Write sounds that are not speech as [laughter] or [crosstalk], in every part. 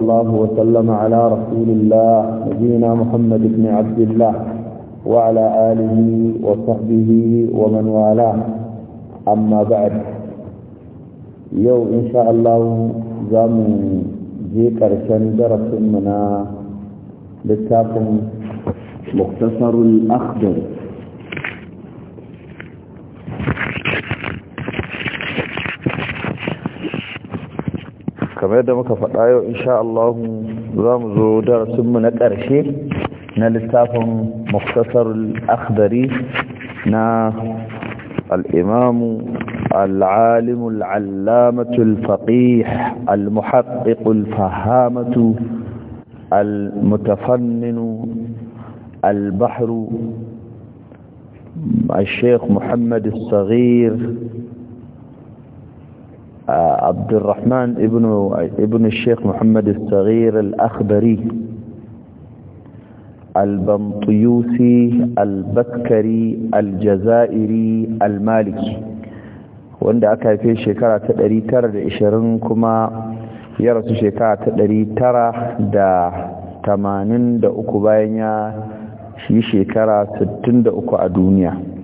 الله وسلم على رسول الله نبينا محمد بن عبد الله وعلى آله وصحبه ومن والاه أما بعد يو إن شاء الله زم ذكر شندرة منا لتاكم مختصر الأخضر kamar yadda muka faɗa yau insha Allah za mu zo darasinmu na ƙarshe na littafin muktasar akhdari na al'imamu al'alimu al'allamatu al-faqih al-muhaqqiq al-fahamatu al-mutafanninu al-bahru الشيخ محمد الصغير عبد الرحمن ابن ابن الشيخ محمد الصغير الأخبري البنطيوسي البكري الجزائري المالكي wanda aka haife shekara ta 920 kuma ya rasu shekara ta 983 bayan ya shi shekara 63 a duniya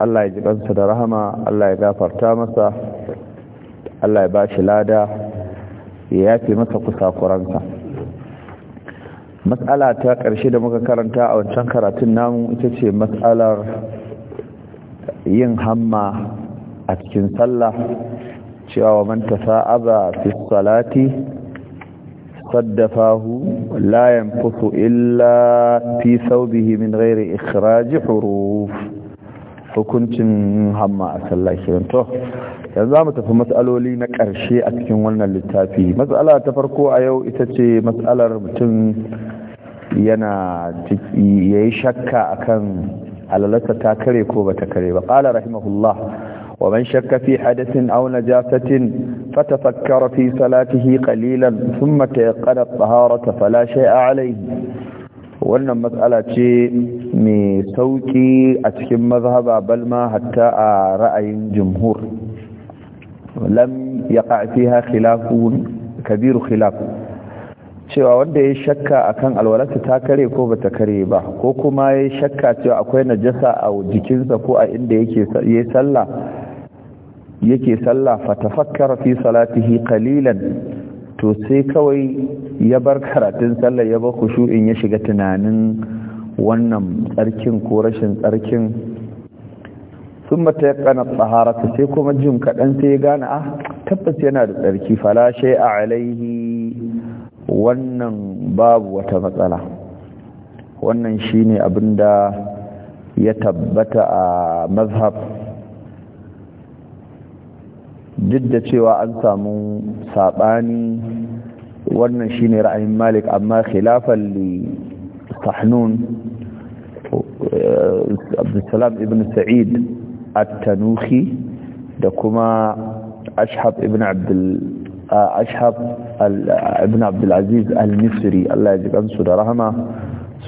Allah ya ji ɗansa da rahama Allah ya gafarta masa Allah ya bashi lada ya yafe masa kusakuransa matsala ta ƙarshe da muka karanta a wancan karatun namu ita ce matsalar yin hamma a cikin sallah cewa wa man tasa'aba fi salati saddafahu layan yanfusu illa fi saubihi min ghairi ikhraj huruf hukuncin hamma a sallah to yanzu za mu tafi matsaloli na ƙarshe a cikin wannan littafi matsala ta farko a yau ita ce matsalar mutum yana ya yi shakka akan alalarsa ta kare ko ba ta kare ba ƙala rahimahullah wa man shakka fi hadasin aw najasatin fatafakkara fi salatihi qalilan thumma tayaqqana taharata fala shay'a alayhi wannan matsala ce mai sauƙi a cikin mazhaba balma hatta a ra'ayin jumhur lam ya fiha khilafun kabiru khilaf cewa wanda ya shakka akan alwalarsa ta kare ko bata kare ba ko kuma ya shakka cewa akwai najasa a jikinsa ko a inda yake sallah yake salla fatafakkara fi salatihi qalilan to sai kawai ya bar karatun sallar ya bar kushu'in ya shiga tunanin wannan tsarkin ko rashin tsarkin sun mata ya yakana tsaharata sai kuma jin kaɗan sai ya gane ah tabbas yana da tsarki falashe a alaihi wannan babu wata matsala wannan shine da ya tabbata a mazhab duk da cewa an samu saɓani wannan shine ra'ayin malik amma khilafan li tahnun eh, abdulsalam ibn sa'id at-tanuhi da kuma ashab ibn abdul eh, ashab ibn aziz al-misri Allah ya ji kansu da rahama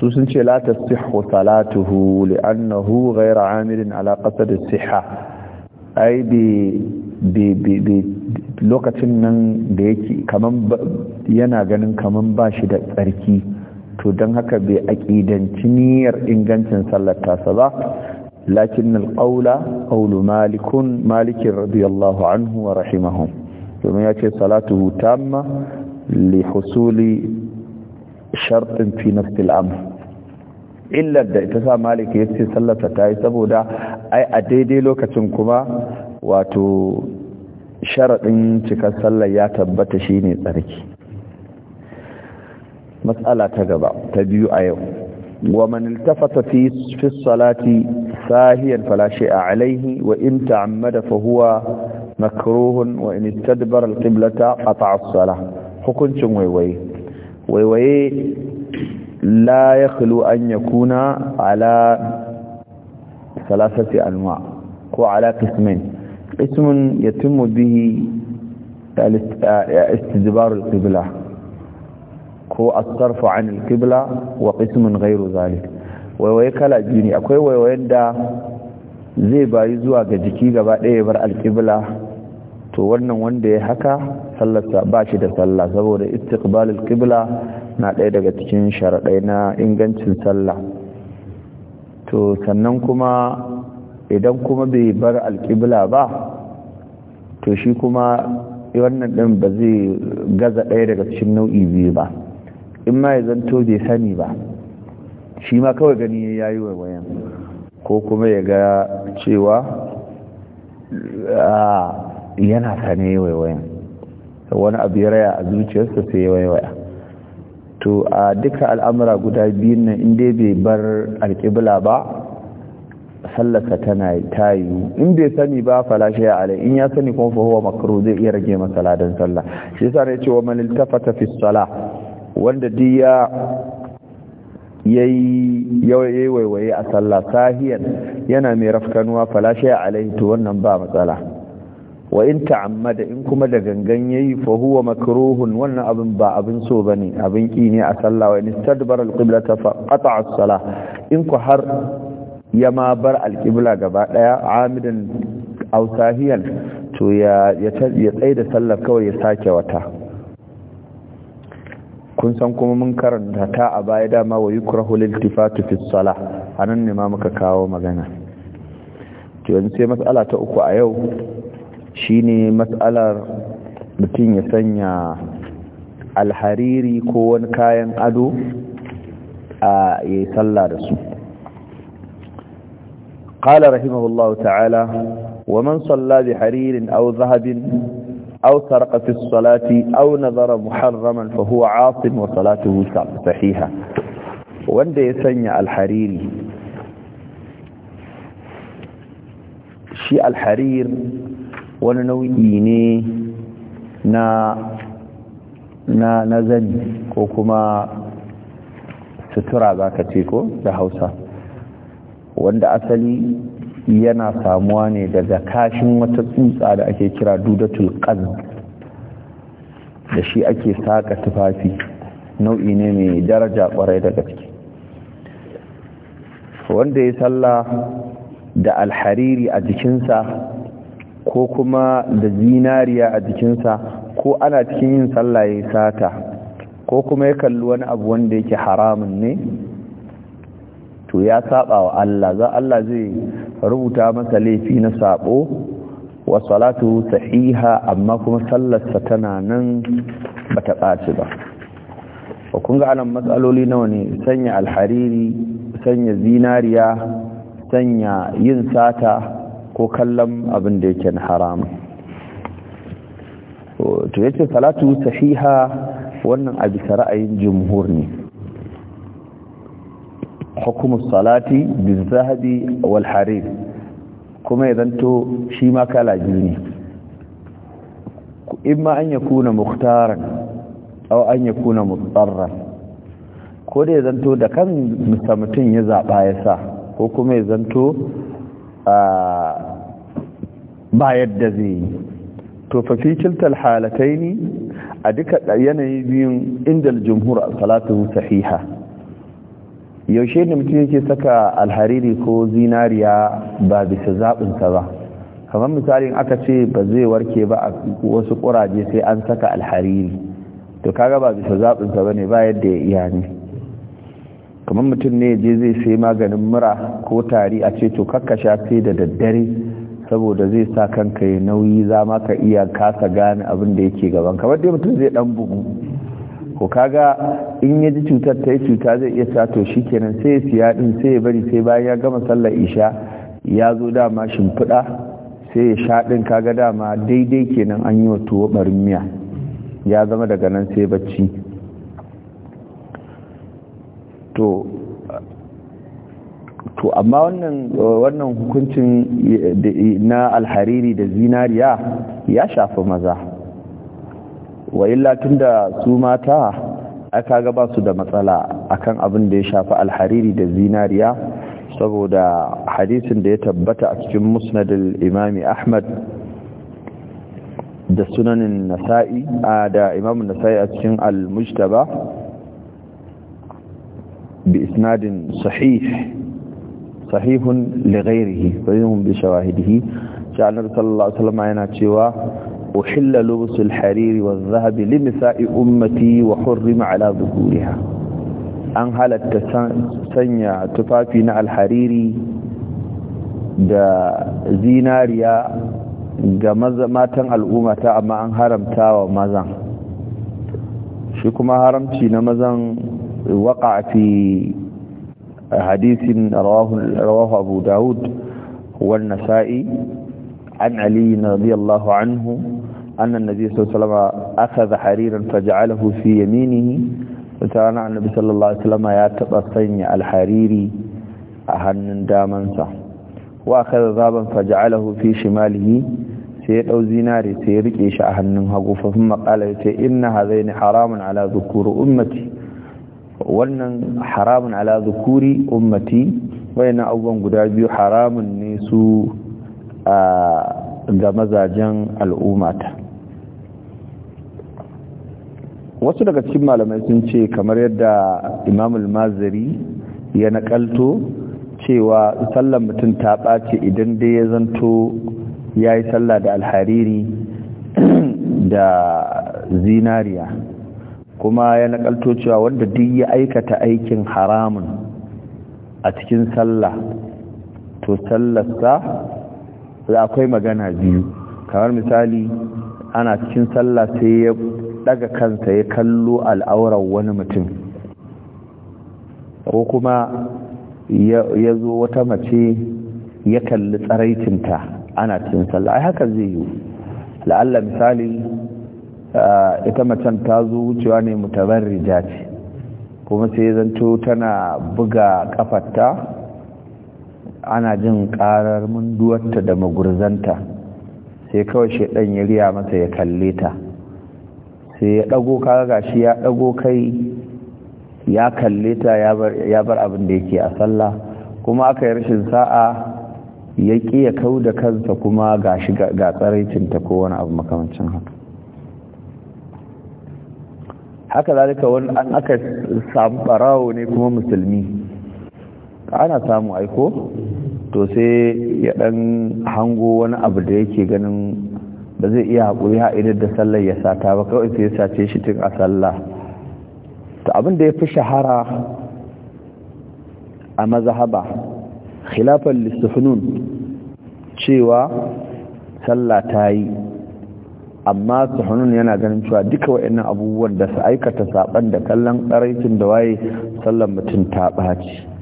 su sun ce la tasihhu salatuhu li'annahu ghayra amirin ala qasd as-sihha ai bi lokacin nan da yake yana ganin kamar ba shi da tsarki to don haka bai aƙidanci niyyar ingancin sallar tasa ba lakin alƙaula ƙaulu malikun malikin radiyallahu anhu wa rahimahu domin ya ce salatu hutama li husuli sharɗin fi nafsil illar da ita sa malik ya ce sallata ta yi saboda ai a daidai lokacin kuma wato sharadin cikar sallar ya tabbata shine tsarki matsala ta gaba ta biyu a yau wa man iltafata fi fi salati sahiyan fala shay'a alayhi wa in ta'ammada fa huwa makruhun wa in istadbara alqiblata qata'a as-salah hukuncin waiwaye waiwaye la yakhlu an yakuna ala thalathati anwa' ko ala qismain اسم يتم به استدبار القبلة ko asarfu an alqibla wa qismun ghairu zalik waiwaye kala biyu ne akwai waiwayen da zai bayi zuwa ga jiki gabaɗaya ya bar alqibla to wannan wanda ya haka sallarsa ba shi da sallah saboda istiqbal alqibla na ɗaya daga cikin sharaɗai na ingancin sallah to sannan kuma idan kuma bai bar alƙibla ba to shi kuma wannan ɗin ba zai gaza ɗaya daga cikin nau'i biyu ba in ma ya zanto bai sani ba shi ma kawai gani ya yi wayan ko kuma ya ga cewa ah, yana sane waiwayan wani abu ya raya a zuciyarsa sai ya waiwaya to a duka al'amura guda biyun nan inda bai bar alƙibla ba sallarsa tana tayu in bai sani ba fala alai in ya sani kuma fa huwa zai iya rage masa ladan sallah shi ya ne cewa man iltafata tafi Sallah wanda diya ya yi waiwaye a sallah sahiyan yana mai rafkanuwa fala alai to wannan ba matsala wa in ta'ammada in kuma da gangan yi fa huwa makruhun wannan abin ba abin so ne abin ki ne a sallah wa in istadbara al fa qata'a as in ku har ya ma bar alƙibla gaba ɗaya amidan ausahiyan to ya tsaye da sallar kawai ya sake wata kun san kuma mun karanta ta a baya dama wa yi kura hulun tifatu fi sala a nan ne ma muka kawo magana yanzu sai matsala ta uku a yau Shi ne matsalar mutum ya sanya alhariri ko wani kayan ado a yi sallah da su قال رحمه الله تعالى ومن صلى بحرير أو ذهب أو سرق في الصلاة أو نظر محرما فهو عاص وصلاته صحيحة wanda ya sanya alhariri shi alharir wani nau'i ne na na nazari ko kuma sutura za ka ko da hausa wanda asali yana samuwa ne daga kashin wata tsuntsa da ake kira dudatul qaz da shi ake saƙa tufafi nau'i ne mai daraja kwarai daga gaske wanda ya salla da alhariri a jikinsa ko kuma da zinariya a jikinsa ko ana cikin yin sallah ya sata ko kuma ya kalli wani abu wanda yake haramun ne to ya saba wa Allah za Allah zai rubuta masa laifi na sabo wa salatu sahiha amma kuma sallarsa tana nan bata ɓaci ba wa kun ga anan matsaloli nawa ne sanya alhariri sanya zinariya sanya yin sata ko kallon abin da yake na haram to yace salatu sahiha wannan a bisa ra'ayin jumhur ne hukumus salati bizahabi wal harir kuma idan to shi ma kala biyu ne imma an yakuna mukhtaran aw an yakuna mutarran ko da da kan mutum ya zaba ya sa ko kuma ya zanto ba yadda zai yi to fa kiltar halatai ne a duka yanayi biyun inda jumhur salatu sahiha yaushe ne mutum yake saka alhariri ko zinariya ba bisa zaɓinsa ba kamar misalin aka ce ba zai warke ba a wasu ƙuraje sai an saka alhariri to kaga ba bisa zaɓinsa ba ne ba yadda ya iya ne kamar mutum ne je zai sai maganin mura ko tari a ce to sha sai da daddare saboda zai sa kanka ya nauyi za ma ka iya kasa gane abin da yake gaban kamar dai mutum zai ɗan bugu ko kaga in ya ji cutar ta yi cuta zai iya sato shi kenan sai ya siya din sai ya bari sai bayan ya gama sallar isha ya zo dama shimfiɗa sai ya sha din kaga dama daidai kenan an yi wa tuwo barin miya ya zama daga nan sai bacci to amma wannan wannan hukuncin na alhariri da zinariya ya shafi maza wa illa tunda su mata aka ga ba su da matsala akan abin da ya shafi alhariri da zinariya saboda hadisin da ya tabbata a cikin musnadul imami ahmad da sunanin nasa'i a da imamun nasa'i a cikin al-mujtaba bi isnadin sahih sahihun li ghairihi bayyinhum bi shawahidihi sha'anar sallallahu alaihi wasallam yana cewa أحل لبس الحرير والذهب لمساء أمتي وحرم على ذكورها أنهلت سنيا تفافينا الحرير دا زيناريا دا مزماتن الأمة أما أنهرمتا ومزان شكما هرمتي نمزان وقع في حديث رواه, رواه أبو داود والنسائي عن علي رضي الله عنه أن النبي صلى الله عليه وسلم أخذ حريرا فجعله في يمينه وتعالى النبي صلى الله عليه وسلم ياتب الصيني الحريري أهن دامنسا وأخذ ذابا فجعله في شماله سيد أو زيناري سيرك إيش أهنم هقوف ثم قال إن هذين حرام على ذكور أمتي wannan haramun ala zukuri ummati wayannan abubuwan guda biyu haramun ne su ga mazajen al'ummata wasu daga cikin malamai sun ce kamar yadda imamul mazari ya nakalto cewa sallar mutum ta ɓace idan dai ya zanto ya yi sallah da alhariri [clears throat] da zinariya kuma ya nakalto cewa wanda duk ya aikata aikin haramun a cikin sallah to sallarsa akwai magana biyu kamar misali ana cikin sallah sai ya ɗaga kansa ya kallo al'auran wani mutum ko kuma ya zo wata mace ya kalli tsaraicinta ana cin sallah ai haka zai yi la'alla misali ita macen ta zo wucewa ne mutabarrija ce kuma sai zanto tana buga kafarta ana jin karar munduwarta da magurzanta sai kawai ɗan ya riya masa ya kalle ta sai ya ɗago kaga gashi ya ɗago kai ya kalle ta ya bar abin da yake a sallah kuma aka yi rashin sa'a ya ƙi ya kau da kansa kuma ga shi ga tsaraicinta ko wani abu makamancin haka haka zalika wani an aka samu ɓarawo ne kuma musulmi ana samu aiko to sai ya ɗan hango wani abu da yake ganin ba zai iya haƙuri ha'idar da sallar ya sata ba kawai sai ya sace shi tun a sallah Ta abin da ya fi shahara a mazahaba khilafar listufunun cewa sallah ta yi amma suhunun yana ganin cewa duka wa'in abubuwan da su aikata saɓan da kallon ɗaraikin da waye sallar mutum ta ɓaci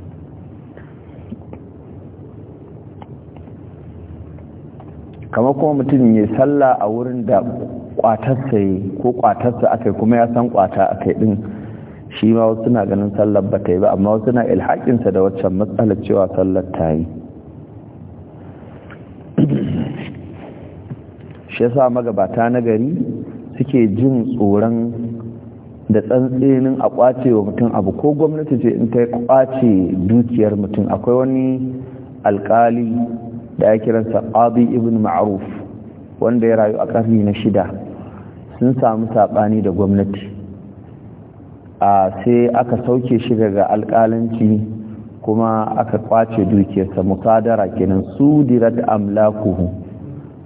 kamar kuma mutum ya sallah a wurin da kwatarsa yi ko kwatarsa aka kuma ya san kwata aka din shi ma wasu na ganin sallar ba ta yi ba amma wasu na ilhaƙinsa da waccan matsalar cewa sallar ta yi shi ya sa magabata na gari suke jin tsoron da tsantsenin a kwace wa mutum abu ko gwamnati ce in ta kwace dukiyar mutum akwai wani alkali da ya kiransa qadi ibn Ma'aruf, wanda ya rayu a ƙarni na shida sun samu saɓani da gwamnati a sai aka sauke shi daga alƙalanci kuma aka kwace dukiyarsa musadara kenan su dirat amlakuhu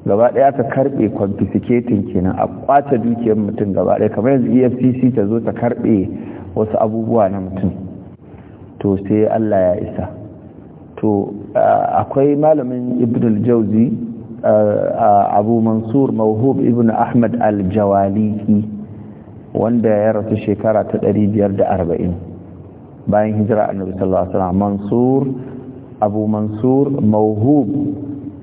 gaba ɗaya aka karɓe confiscating kenan a kwace dukiyar mutum gaba ɗaya kamar yanzu efcc ta zo ta karɓe wasu abubuwa na mutum to sai allah ya isa to uh, akwai malamin ibn al-jauzi uh, uh, abu mansur mawhub ibn ahmad al-jawaliki wanda ya rasu shekara ta 540 bayan hijira annabi sallallahu alaihi wasallam mansur abu mansur mawhub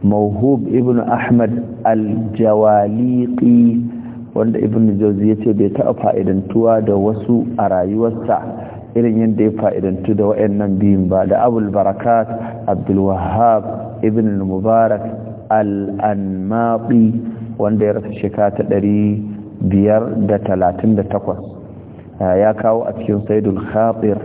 mawhub ibn ahmad al-jawaliki wanda ibn jauzi ce bai taɓa fa'idantuwa da wasu a rayuwarsa irin yadda ya fa'idantu da nan biyun ba da abul barakat ibn mubarak al wanda ya rasu shekata ta ɗari biyar da talatin da takwas ah, ya kawo a cikin saidul khatir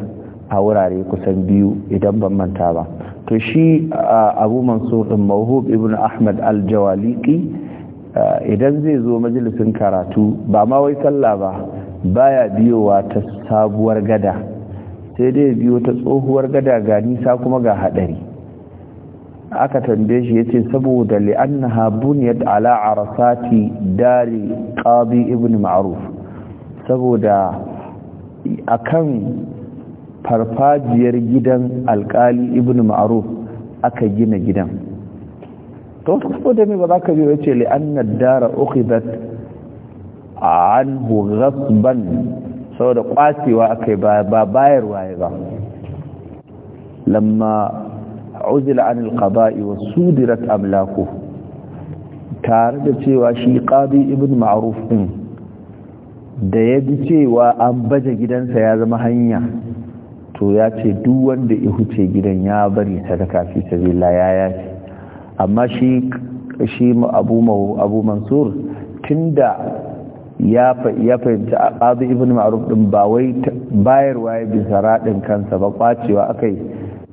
a wurare kusan biyu idan ban manta ba to shi ah, abu mansur ɗin mahub ibn ahmad al ah, idan zai zo majalisin karatu ba ma wai sallah ba baya biyowa ta sabuwar gada sai dai biyo ta tsohuwar gada ga nisa kuma ga hadari aka tambaye shi yace saboda li'annaha buniyat ala arasati dari qadi ibn ma'ruf saboda akan farfajiyar gidan alkali ibn ma'ruf aka gina gidan to saboda me ba za ka biyo yace li'anna ad-dara ukhidat anhu ghasban saboda kwacewa akai ba ba bayarwa ya ba lamma uzila anil qada'i wa sudirat amlaku tare da cewa shi qadi ibn ma'ruf din da ya bi cewa an baje gidansa ya zama hanya to ya ce duk wanda ya huce gidan ya bari sadaka fi sabila ya ce amma shi shi abu abu mansur tunda ya fahimci a ƙazu ibn ma'ruf din ba wai bayarwa ya bisa raɗin kansa ba kwacewa yi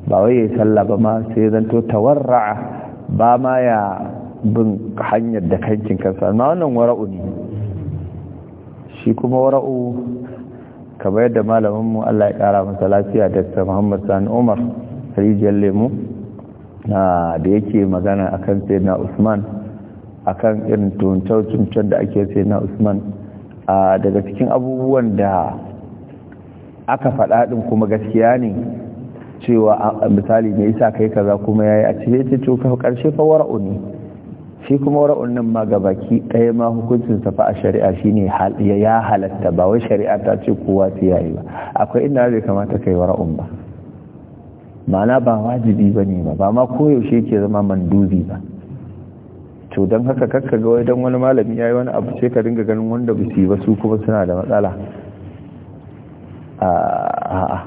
ba wai ya yi sallah ba ma sai zan zanto tawarra'a ba ma ya bin hanyar da kankin kansa amma wannan wara'u ne shi kuma wara'u kamar yadda malaminmu Allah ya ƙara masa lafiya da Muhammad Sani Umar rijiyar lemu da yake magana akan sai na Usman akan irin tuntun da ake sai na Usman daga cikin abubuwan da aka faɗa ɗin kuma gaskiya ne cewa misali mai isa kai kaza kuma yayi a cire ce to karshe fa wara'u shi kuma waraunin nan ma gabaki ɗaya ma hukuncin sa fa a shari'a shine ya halatta ba wai shari'a ta ce kowa sai yayi ba akwai inda zai kamata kai wara'un ba ma'ana ba wajibi bane ba ba ma koyaushe ke zama mandubi ba to don haka kakka ga wai don wani malami ya yi wani abu ce ka dinga ganin wanda ba su yi ba su kuma suna da matsala a'a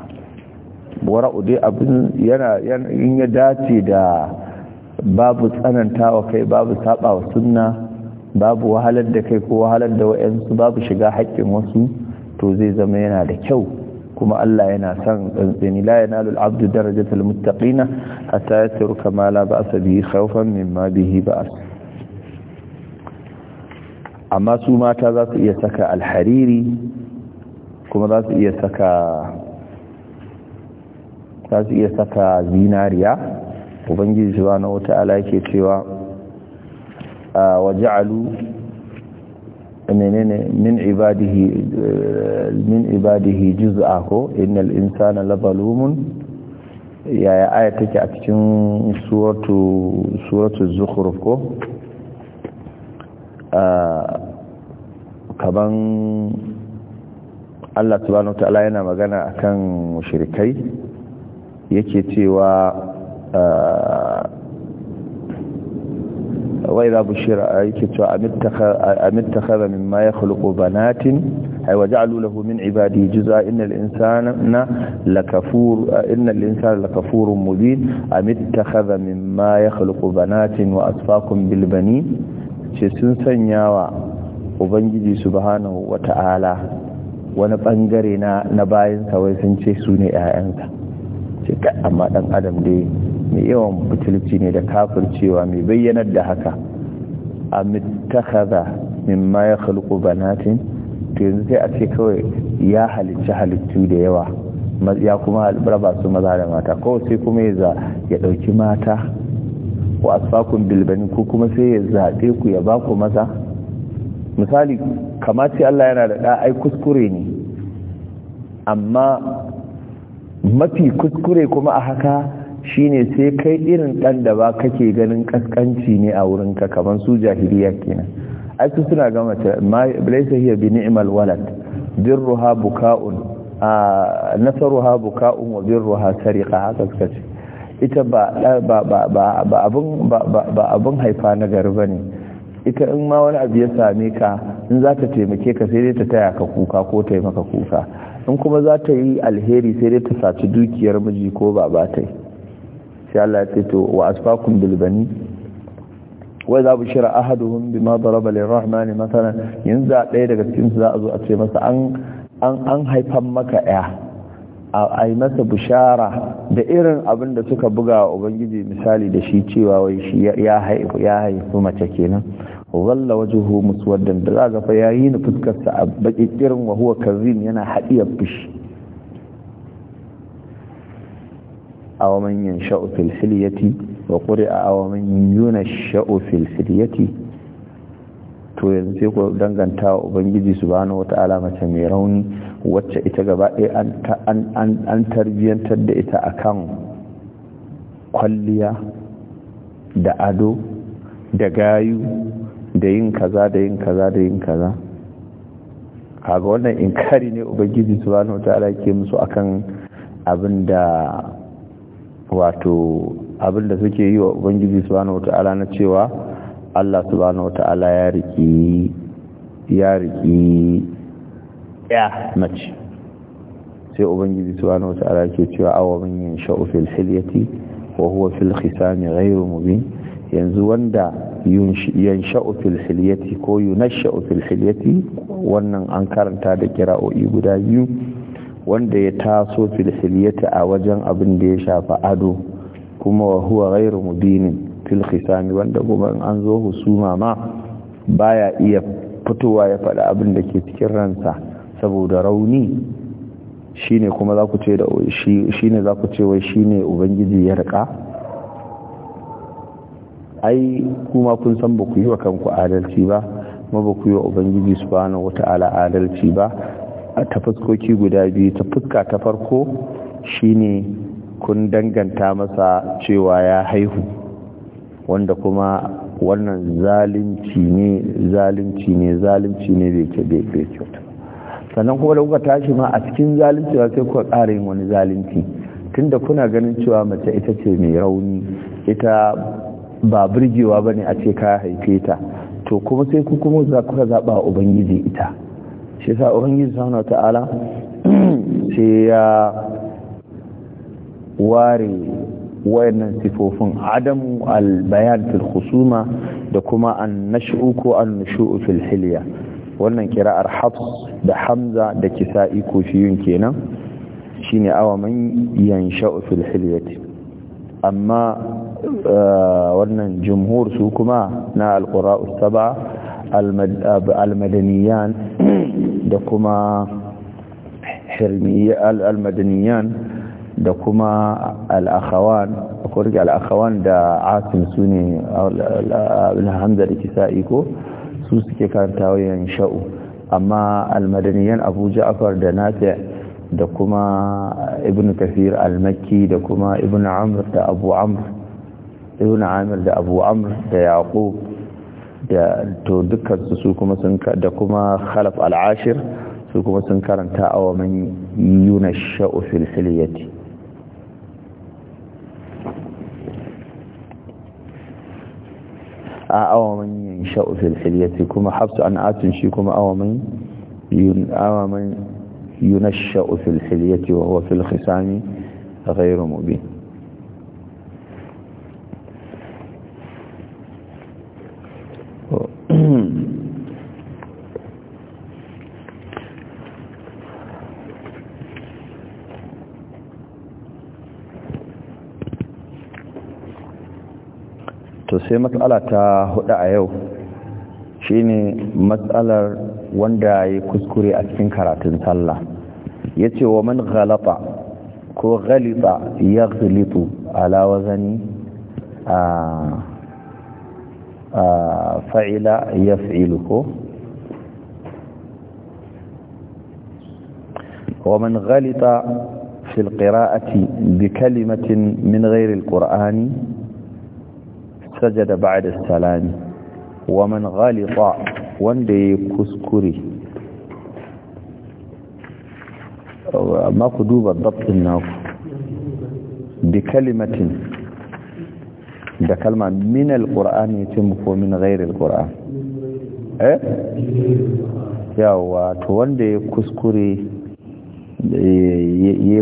wara ude abin yana in ya dace da babu tsananta wa kai babu saba wa sunna babu wahalar da kai ko wahalar da wa'yansu babu shiga haƙƙin wasu to zai zama yana da kyau kuma Allah yana son tsantsani la yanalu al-abdu darajatul muttaqina hatta yatruka ma la ba'sa bihi khawfan mimma bihi ba'sa amma su mata za su iya saka alhariri kuma za su iya saka za su iya saka zinariya ubangiji subhanahu wata'ala yake cewa waja'alu menene min ibadihi min ibadihi juz'a ko inal insana labalumun yaya aya take a cikin suratu suratu zukhruf ko kaban Allah subhanahu ta'ala yana magana akan mushrikai yake cewa wa idha bushira yake cewa amittakhadha mimma yakhluqu banatin ay waja'alu lahu min ibadihi juz'a innal insana lakafur innal insana lakafurun mubin amittakhadha mimma yakhluqu banatin wa asfakum bil banin ce sun sanya wa ubangiji subhanahu wata'ala wani bangare na na bayan wai sun ce su ne 'ya'yansa ce amma dan adam dai mai yawan butulci ne da kafin cewa mai bayyanar da haka a mittakaza ma ya khalqu banatin to yanzu sai a ce kawai ya halicci halittu da yawa ya kuma ba su maza da mata kawai sai kuma ya dauki mata wa asfakun bilbani ko kuma sai ya zaɓe ku ya ba ku maza misali kamace Allah yana da ɗa'ai kuskure ne amma mafi kuskure kuma a haka shine sai kai irin ɗan da ba kake ganin ƙasƙanci ne a wurinka kamar su jahiliya kenan Aiki suna ga mace laisa hiya bi ni'mal walad birruha buka'un a nasaruha buka'un wa birruha sariqa haka suka ce ita ba abin haifa na gari ba ne ita in ma wani abu ya same ka in za ta taimake ka sai dai ta taya ka kuka ko ta kuka in kuma za ta yi alheri sai dai ta saci dukiyar miji ko ba ba ta yi sai Allah ya ce to wa asfakum bilbani وإذا بشر أحدهم بما ضرب للرحمن yanzu a ɗaya daga cikin su za a zo a ce masa an an haifan maka ya a yi masa bishara da irin abin da suka buga wa ubangiji misali da shi cewa wai shi ya haifu ya haifu mace kenan walla wajhu muswaddan da za fa yayi ni fuskar a baki irin wa huwa kazim yana hadiyar fishi aw man yansha'u fil hilyati wa aw man fil hilyati to yanzu sai ku danganta wa ubangiji subhanahu wata'ala mace mai rauni wacce ita gaba ɗaya an tarbiyyantar da ita akan kwalliya da ado da gayu da yin kaza da yin kaza da yin kaza kaga wannan inkari ne ubangiji su subhanahu wataala ke musu akan abin da wato abin da suke yi wa ubangiji su wata ala na cewa Allah su wataala ya riki ya riki ya mace sai ubangiji wasu wata'ala ke cewa awa yin yansha'u hilyati wa huwa fil khisami ghayru mubin yanzu wanda yin fil hilyati ko na fil hilyati wannan an karanta da kira'o'i guda biyu wanda ya taso fil hilyati a wajen abin da ya shafa ado kuma wa huwa ghayru mubinin fil khisami wanda kuma an zo husuma ma baya iya fitowa ya faɗi abin da ke cikin ransa saboda rauni shine kuma za ku ce da ne za ku ce wai shine ubangiji ya rika ai kuma kun san ba ku yi wa kanku adalci ba kuma ba ku yi wa ubangiji su wata wata'ala adalci ba ta fuskoki guda biyu ta fuska ta farko shine kun danganta masa cewa ya haihu wanda kuma wannan zalunci ne zalunci ne zalunci ne bai kyauta sannan kuma da kuka tashi ma a cikin zalunci ba sai kuka ƙara yin wani zalunci tunda kuna ganin cewa mace ita ce mai rauni ita ba birgewa ba ne a ce ka haife ta to kuma sai ku kuma za kuka zaɓa ubangiji ita shi sa ubangiji sauna ta'ala [clears throat] sai ya ware wayannan sifofin adamu albayan fil khusuma da kuma an nashu ko an nashu'u fil hilya wannan kira'ar hafs da hamza da kisa'i kofiyun kenan shine awa man yansha'u fil hilyati amma eh, wannan jumhur su kuma na alqura'u sab'a almadaniyan da kuma almadaniyan da kuma akwai da asim su ne hamza da kisa'i ko su suke karantawa wayan sha'u amma almadaniyan abu ja'far da nafi da kuma ibn kafir al-makki da kuma ibn amr da abu amr ibn amir da abu amr da yaqub da to dukkan su kuma sun da kuma khalaf al-ashir su kuma sun karanta awa man yuna sha'u fil a awa man الإنشاء في الحلية كما حفظ أن آتنشي كما أوامن أوامن ينشأ في الحلية وهو في الخصام غير مبين sai matsala ta hudu a yau shine matsalar wanda ya kuskure a cikin karatun sallah ya ce wa man ghalata ko ghalita ya galitu ala wazani a fa'ila ya fi'ilu ko ghalita غلط في bi kalimatin min غير القرآن sajada ba'da salami wa man ghalita wanda ya kuskure amma ku duba dabtin naku bi kalimatin da kalma min alquran yace muku min ghairi alquran eh yawa to wanda ya kuskure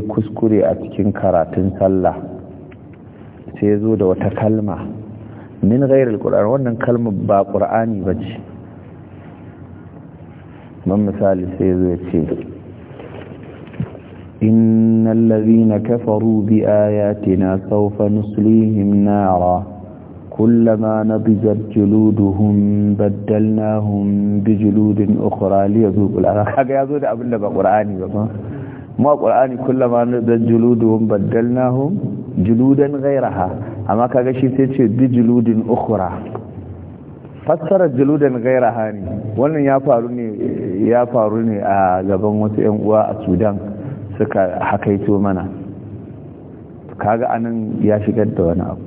kuskure a cikin karatun sallah sai ya zo da wata kalma من غير القرآن وانا كلمة با قرآني بج ما مثال سيدوية إن الذين كفروا بآياتنا سوف نسليهم نارا كلما نضجت جلودهم بدلناهم بجلود أخرى ليذوقوا العذاب [laughs] حقا يذوق أبو الله بقرآني بقى ما قرآني كلما نضجت جلودهم بدلناهم جلودا غيرها amma kaga shi sai ce dijiludin ukhra fassarar jiludin gaira hani wannan ya faru ne ya faru ne a gaban wasu yan uwa a sudan suka hakaito mana kaga anan ya shigar da wani abu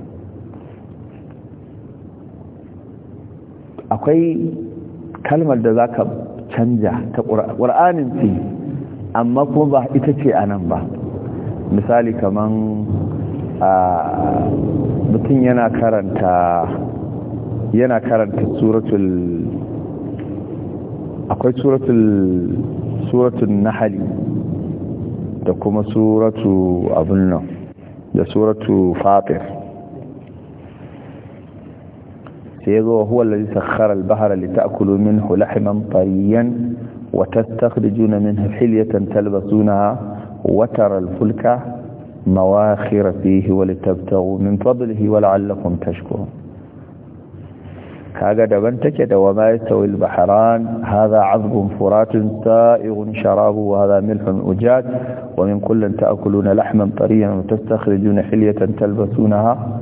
akwai kalmar da za ka canja ta ƙura'anin ce amma kuma ba ita ce anan ba misali kaman mutum yana karanta yana karanta suratul akwai suratul suratul nahali da kuma suratu abin da suratul fatir sai ya zo wa huwa lalisa kharar bahara littakulu min hulahiman fariyan wata na min hafiliyatan talbasuna watar alfulka مواخر فيه ولتبتغوا من فضله ولعلكم تشكرون كاغا دبنتك وما يستوي البحران هذا عذب فرات سائغ شراب وهذا ملح أجاد ومن كل تأكلون لحما طريا وتستخرجون حلية تلبسونها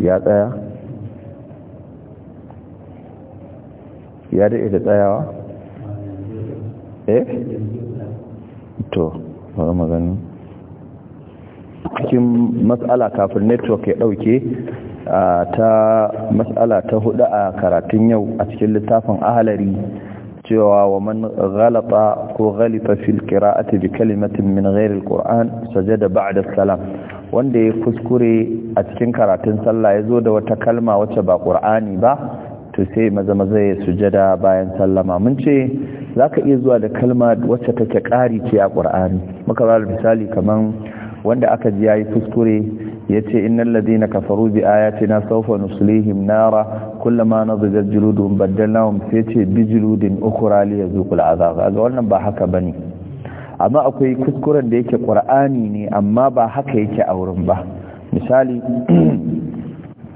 يا تأيا يا رئيس تأيا Eh? to bari magana cikin matsala kafin network ya dauke ta matsala ta hudu a karatun yau a cikin littafin ahalari cewa wa man ghalata ko ghalita fil qira'ati bi kalimatin min ghairi alquran sajada ba'da salam wanda ya kuskure a cikin karatun sallah yazo da wata kalma wacce ba qur'ani ba to sai maza maza ya sujada bayan sallama mun ce za ka iya zuwa da kalma wacce take ƙari ce a ƙwar'ani muka ba da misali kamar wanda aka ji ya yi kuskure ya ce innan ladina kafaru bi "Na sawfa nuslihim nara kullama nadijat juludun baddalnahum sai ce bi juludin ukhra li yazuqul azab ga wannan ba haka ne. amma akwai kuskuren da yake qur'ani ne amma ba haka yake a wurin ba misali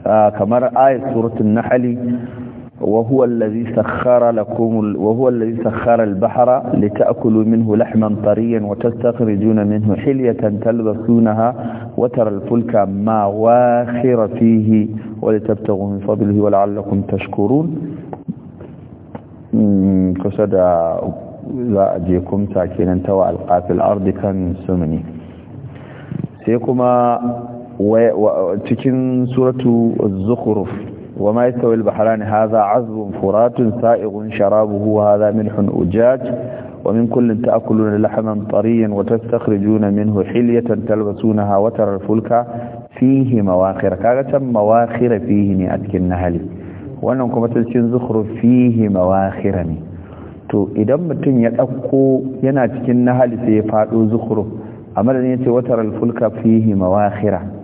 [clears throat] kamar ayat suratul nahl وهو الذي سخر لكم وهو الذي سخر البحر لتأكلوا منه لحما طريا وتستخرجون منه حلية تلبسونها وترى الفلك مواخر فيه ولتبتغوا من فضله ولعلكم تشكرون كسدا إذا اجيكم ساكنا توا kenan الارض كان سمني سيكما kan و... sai kuma cikin وما يستوي البحران هذا عذب فرات سائغ شرابه وهذا ملح أجاج ومن كل تأكلون لحما طريا وتستخرجون منه حلية تلبسونها وترى الفلك فيه مواخر كاغة مواخر فيه نأتك النهل وأنكم كما تلسين زخر فيه مواخر تو idan mutum ya ɗauko yana cikin nahali sai ya الفلك فيه a madadin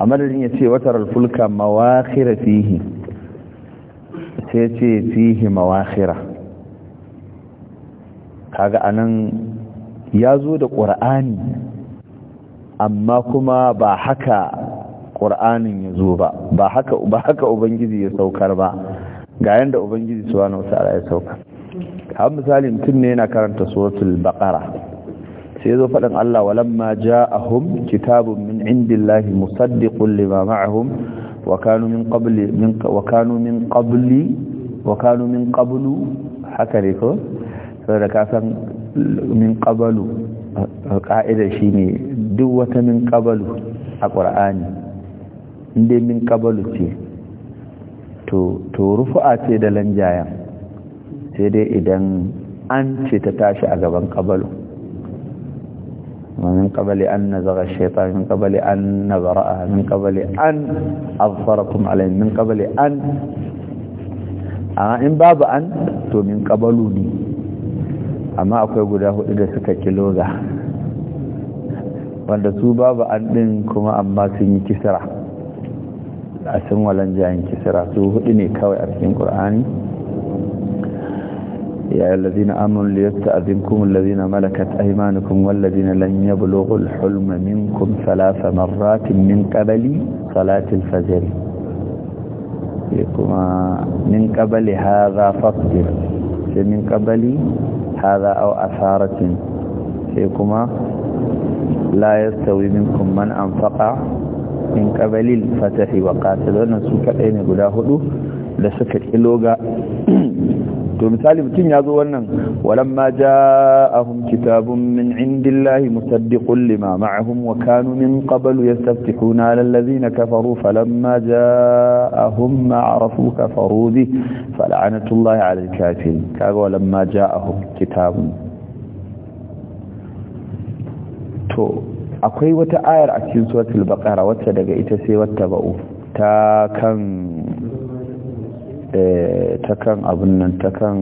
a madadin ya ce watar alfulka mawakira fihi sai ce fihi mawakira kaga anan ya zo da ƙura'ani amma kuma ba haka ƙura'anin ya zo ba ba haka ubangiji ya saukar ba ga yadda ubangiji suwa na wasu ala ya saukar har misali mutum ne yana karanta suratul baƙara sai zo faɗin Allah walamma ja'ahum kitabun min indillahi musaddiqun lima ma'ahum wa kanu min qabli min wa kanu min qabli wa kanu min qablu haka ne ko saboda ka san min qablu ka'ida shine duk wata min qablu a Qur'ani inda min qablu ce to to rufu'a ce da lanjayan sai dai idan an ce ta tashi a gaban qablu ومن قبل أن نزغ الشيطان من قبل أن نبرأها من قبل أن أظفركم عليهم من قبل أن إن باب أن تو من قبلوني أما أكوي قداه إذا سككلوغا wanda وأن تو باب أن kuma أما سيني كسرة أسم a sun walan jayin kisira su hudu ne يا الذين آمنوا ليستأذنكم الذين ملكت أيمانكم والذين لن يبلغوا الحلم منكم ثلاث مرات من قبل صلاة الفجر كما من قبل هذا فقدر من قبل هذا أو أثارة فيكما لا يستوي منكم من أنفق من قبل الفتح وقاتل ونسوك أين قداه da suka ƙi to misali mutum ya zo wannan walamma ja'ahum kitabun min indillahi musaddiqun lima ma'ahum wa kanu min qablu yastaftihuna 'ala alladhina kafaru falamma ja'ahum ma 'arafu kafaru bi fal'anatullahi 'ala al-kafirin kaga walamma ja'ahum kitabun to akwai wata ayar a cikin suratul baƙara wacce daga ita sai wata ba'u ta kan Eh, ta kan abin nan ta kan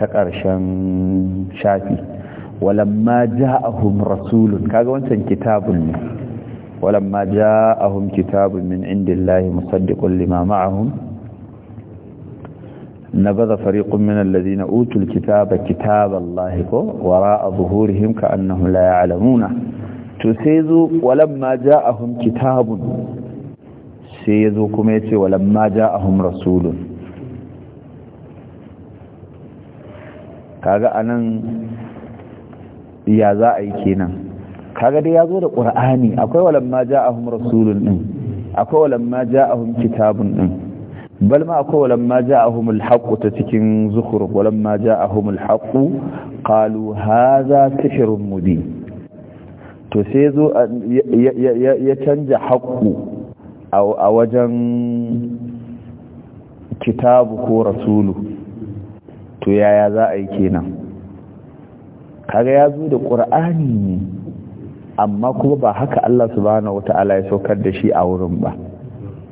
ta ƙarshen shafi walamma ja'ahum rasulun kaga wancan kitabun ne walamma ja'ahum kitabun min indillahi musaddiqun lima ma'ahum nabadha fariqun min alladhina utul kitaba kitaballahi ko wara'a zuhurihim ka'annahum la ya'lamuna to sai zo walamma ja'ahum kitabun sai ya zo kuma ya ce walamma ja'ahum rasulun kaga anan ya za a yi kenan kaga dai ya zo da ƙur'ani akwai walamma ja'ahum rasulun din akwai walamma ja'ahum kitabun din bal ma akwai walamma ja'ahum alhaq ta cikin zukhruf walamma ja'ahum alhaq qalu hadha sihrun mubin to sai zo ya canja haqqu a wajen kitabu ko rasulu to yaya za a yi kenan kaga ya zo da ƙur'ani ne amma kuma ba haka Allah subhanahu wata'ala ya saukar da shi a wurin ba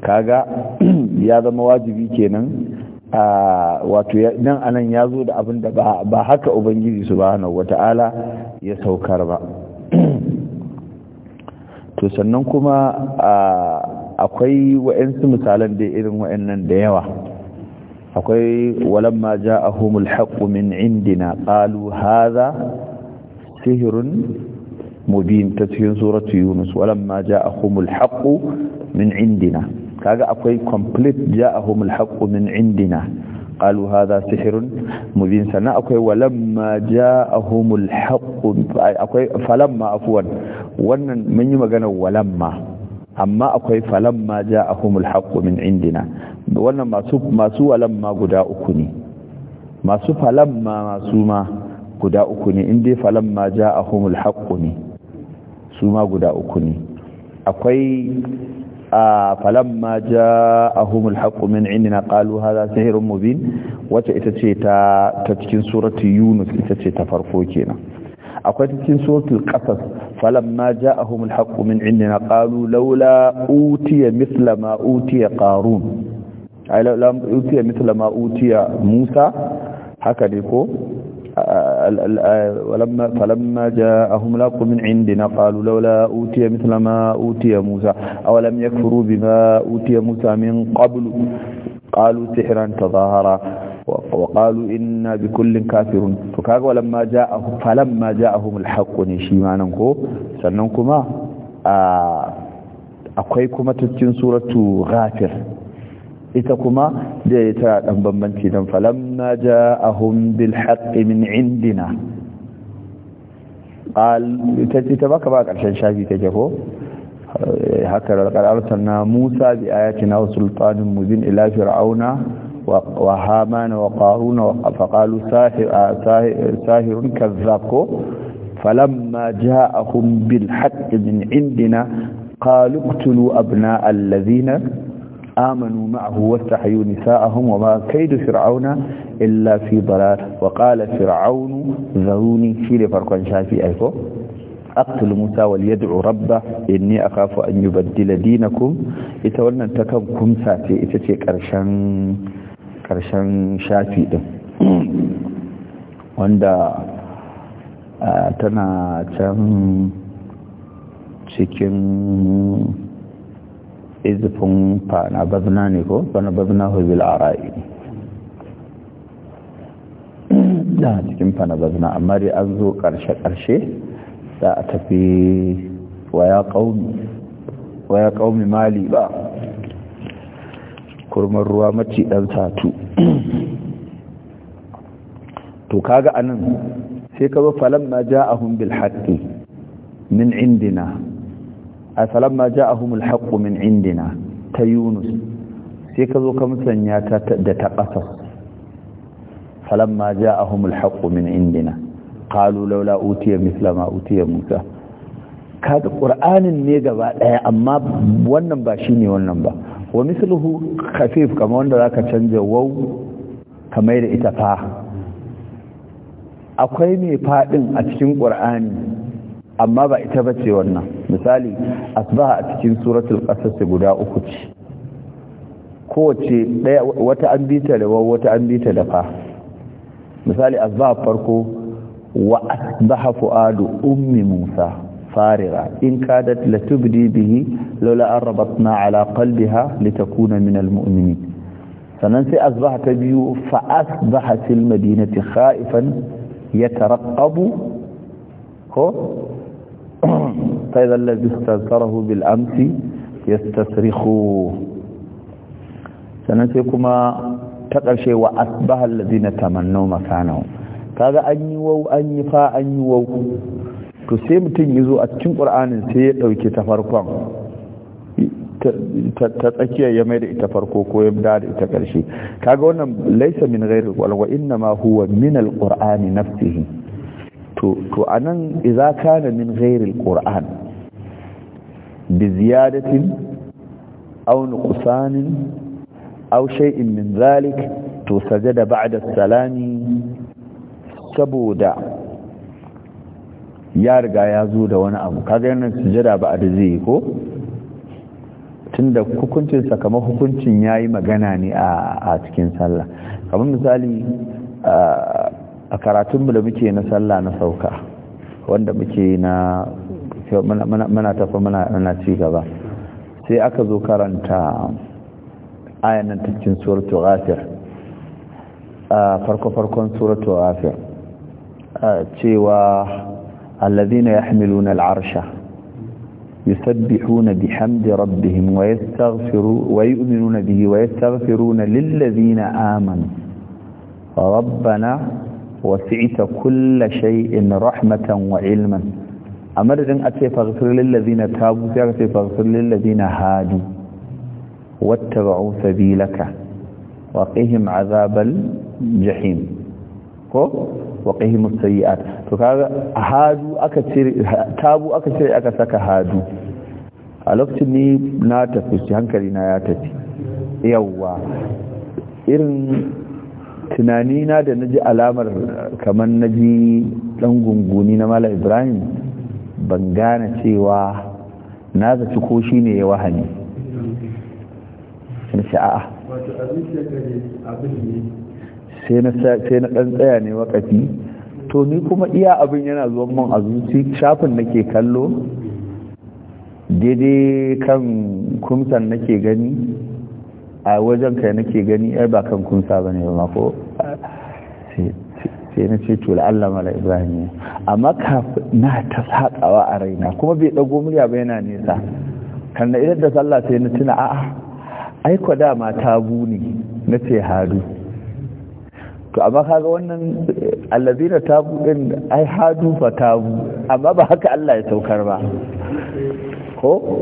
kaga [clears throat] ya zama wajibi kenan a wato nan anan ya zo da abin da ba haka ubangiji subhanahu wata'ala ya saukar ba [clears throat] to sannan kuma a akwai wa'ansu misalan da irin wa'annan da yawa akwai walamma ja'ahumul haqqu min indina qalu hadha sihrun mubin ta cikin suratu yunus walamma ja'ahumul haqqu min indina kaga akwai complete ja'ahumul haqqu min indina qalu hadha sihrun mubin sana akwai walamma ja'ahumul haqqu akwai falamma afwan wannan mun yi magana walamma amma akwai ma a ja'ahumul haqqu min indina wannan masu masu ma guda uku ne masu ma masu ma guda uku ne inda ja a haqqu ne su ma guda uku ne akwai a falamma ja'ahumul haqqu min indina kalu hadha sihrun mubin wacce ita ce ta ta cikin surati yunus ita ce ta farko kenan akwai cikin suratul qasas falamma ja'ahum alhaqqu min indina qalu laula utiya mithla ma utiya qarun ay laula utiya mithla ma utiya musa haka dai ko ولما فلما جاءهم لاقوا من عندنا قالوا utiya أوتي مثل ما أوتي موسى أولم يكفروا بما أوتي موسى من قبل قالوا سحرا تظاهرا وقالوا إنا بكل كافرون فكاغ ولما جاءه فلما جاءهم الحق نشيما ننكو سننكما akwai kuma cikin suratu ghafir ita kuma da ita dan bambanci dan falamma ja'ahum bil haqqi min indina qal ita ita baka ba karshen shafi take ko haka qad na musa bi ayatina wa sultanin mubin ila fir'auna وهامان وقارون فقالوا ساحر آه، ساحر كذاب فلما جاءهم بالحق من عندنا قالوا اقتلوا ابناء الذين آمنوا معه واستحيوا نساءهم وما كيد فرعون إلا في ضلال وقال فرعون ذروني في لفرق شافي أيكو أقتل موسى وليدعو ربه إني أخاف أن يبدل دينكم تكون كمسا في إتتي كرشان Karshen shafi ɗin wanda tana can cikin fana bazna ne ko bazna fanabazna hubil ara'i da cikin bazna amma dai an zo karshe-karshe za a tafi waya ƙaumi mali ba kurman ruwa mace dan satu to kaga anan sai ka zo falamma ja'ahum bil haqqi min indina a falamma ja'ahum al haqqu min indina ta yunus sai ka zo ka musanya ta da ta qasas falamma ja'ahum al haqqu min indina qalu laula utiya mithla ma utiya musa kaga qur'anin ne gaba daya amma wannan ba shine wannan ba wa misluhu khafif kamar wanda zaka canja waw kamar da ita fa akwai mai fadin a cikin qur'ani amma ba ita bace wannan misali asbaha a cikin suratul qasas guda uku ce kowace daya wata an bita da waw wata an bita da fa misali asbaha farko wa asbaha fuadu ummi musa فارغة إن كادت لتبدي به لولا أن ربطنا على قلبها لتكون من المؤمنين فننسي أصبحت بيو فأصبح في المدينة خائفا يترقب هو [clears throat] فإذا الذي استذكره بالأمس يستصرخ سننسي كما شيء وأصبح الذين تمنوا مكانهم هذا أن يوو أن يفا أن يوو to sai mutum ya zo a cikin ƙur'anin sai ya ɗauke ta farkon ta tsakiyar ya mai da ita farko ko ya da da ita ƙarshe kaga wannan laisa min ghairi walwa inna ma huwa min na nafsihi to a nan idza kana min ghairi alqur'an bi ziyadatin aw nuqsanin au shay'in min zalik to sajada ba'da salami saboda ya riga ya zo da wani abu kaga yana sujada ba a da zai yi ko tunda hukuncin kamar hukuncin ya yi magana ne a cikin sallah kamar misali a karatunmu da muke na sallah na sauka wanda muke na mana tafa mana ci gaba sai aka zo karanta ayanan cikin suratu ghafir farko-farkon suratu ghafir cewa الذين يحملون العرش يسبحون بحمد ربهم ويستغفرون ويؤمنون به ويستغفرون للذين آمنوا ربنا وسعت كل شيء رحمة وعلما أمرجن أتي فاغفر للذين تابوا فأتي فاغفر للذين هادوا واتبعوا سبيلك وقهم عذاب الجحيم wa qihim sayiat to kaga hadu aka cire tabu aka cire aka saka hadu a lokacin ni na tafi hankali na ya tafi yawwa irin tunani na da naji alamar kamar naji dan gunguni na mala ibrahim ban gane cewa na zaci ko shine ya wahani in sha'a wato sai na ɗan tsaya ne wakafi to ni kuma iya abin yana zuwan man a zuci shafin nake kallo daidai kan kumsan nake gani a wajen kai nake gani 'yar ba kan kumsa ba ne ba mako. sai na ce to la'alla ibrahim amma kafin na ta saƙawa a raina kuma bai ɗago murya ba yana nesa kan na idan da sallah sai na tuna a'a aiko dama bu ne na ce hadu to amma kaga wannan allazina tabu din ai hadu fa tabu amma ba haka Allah ya saukar ba ko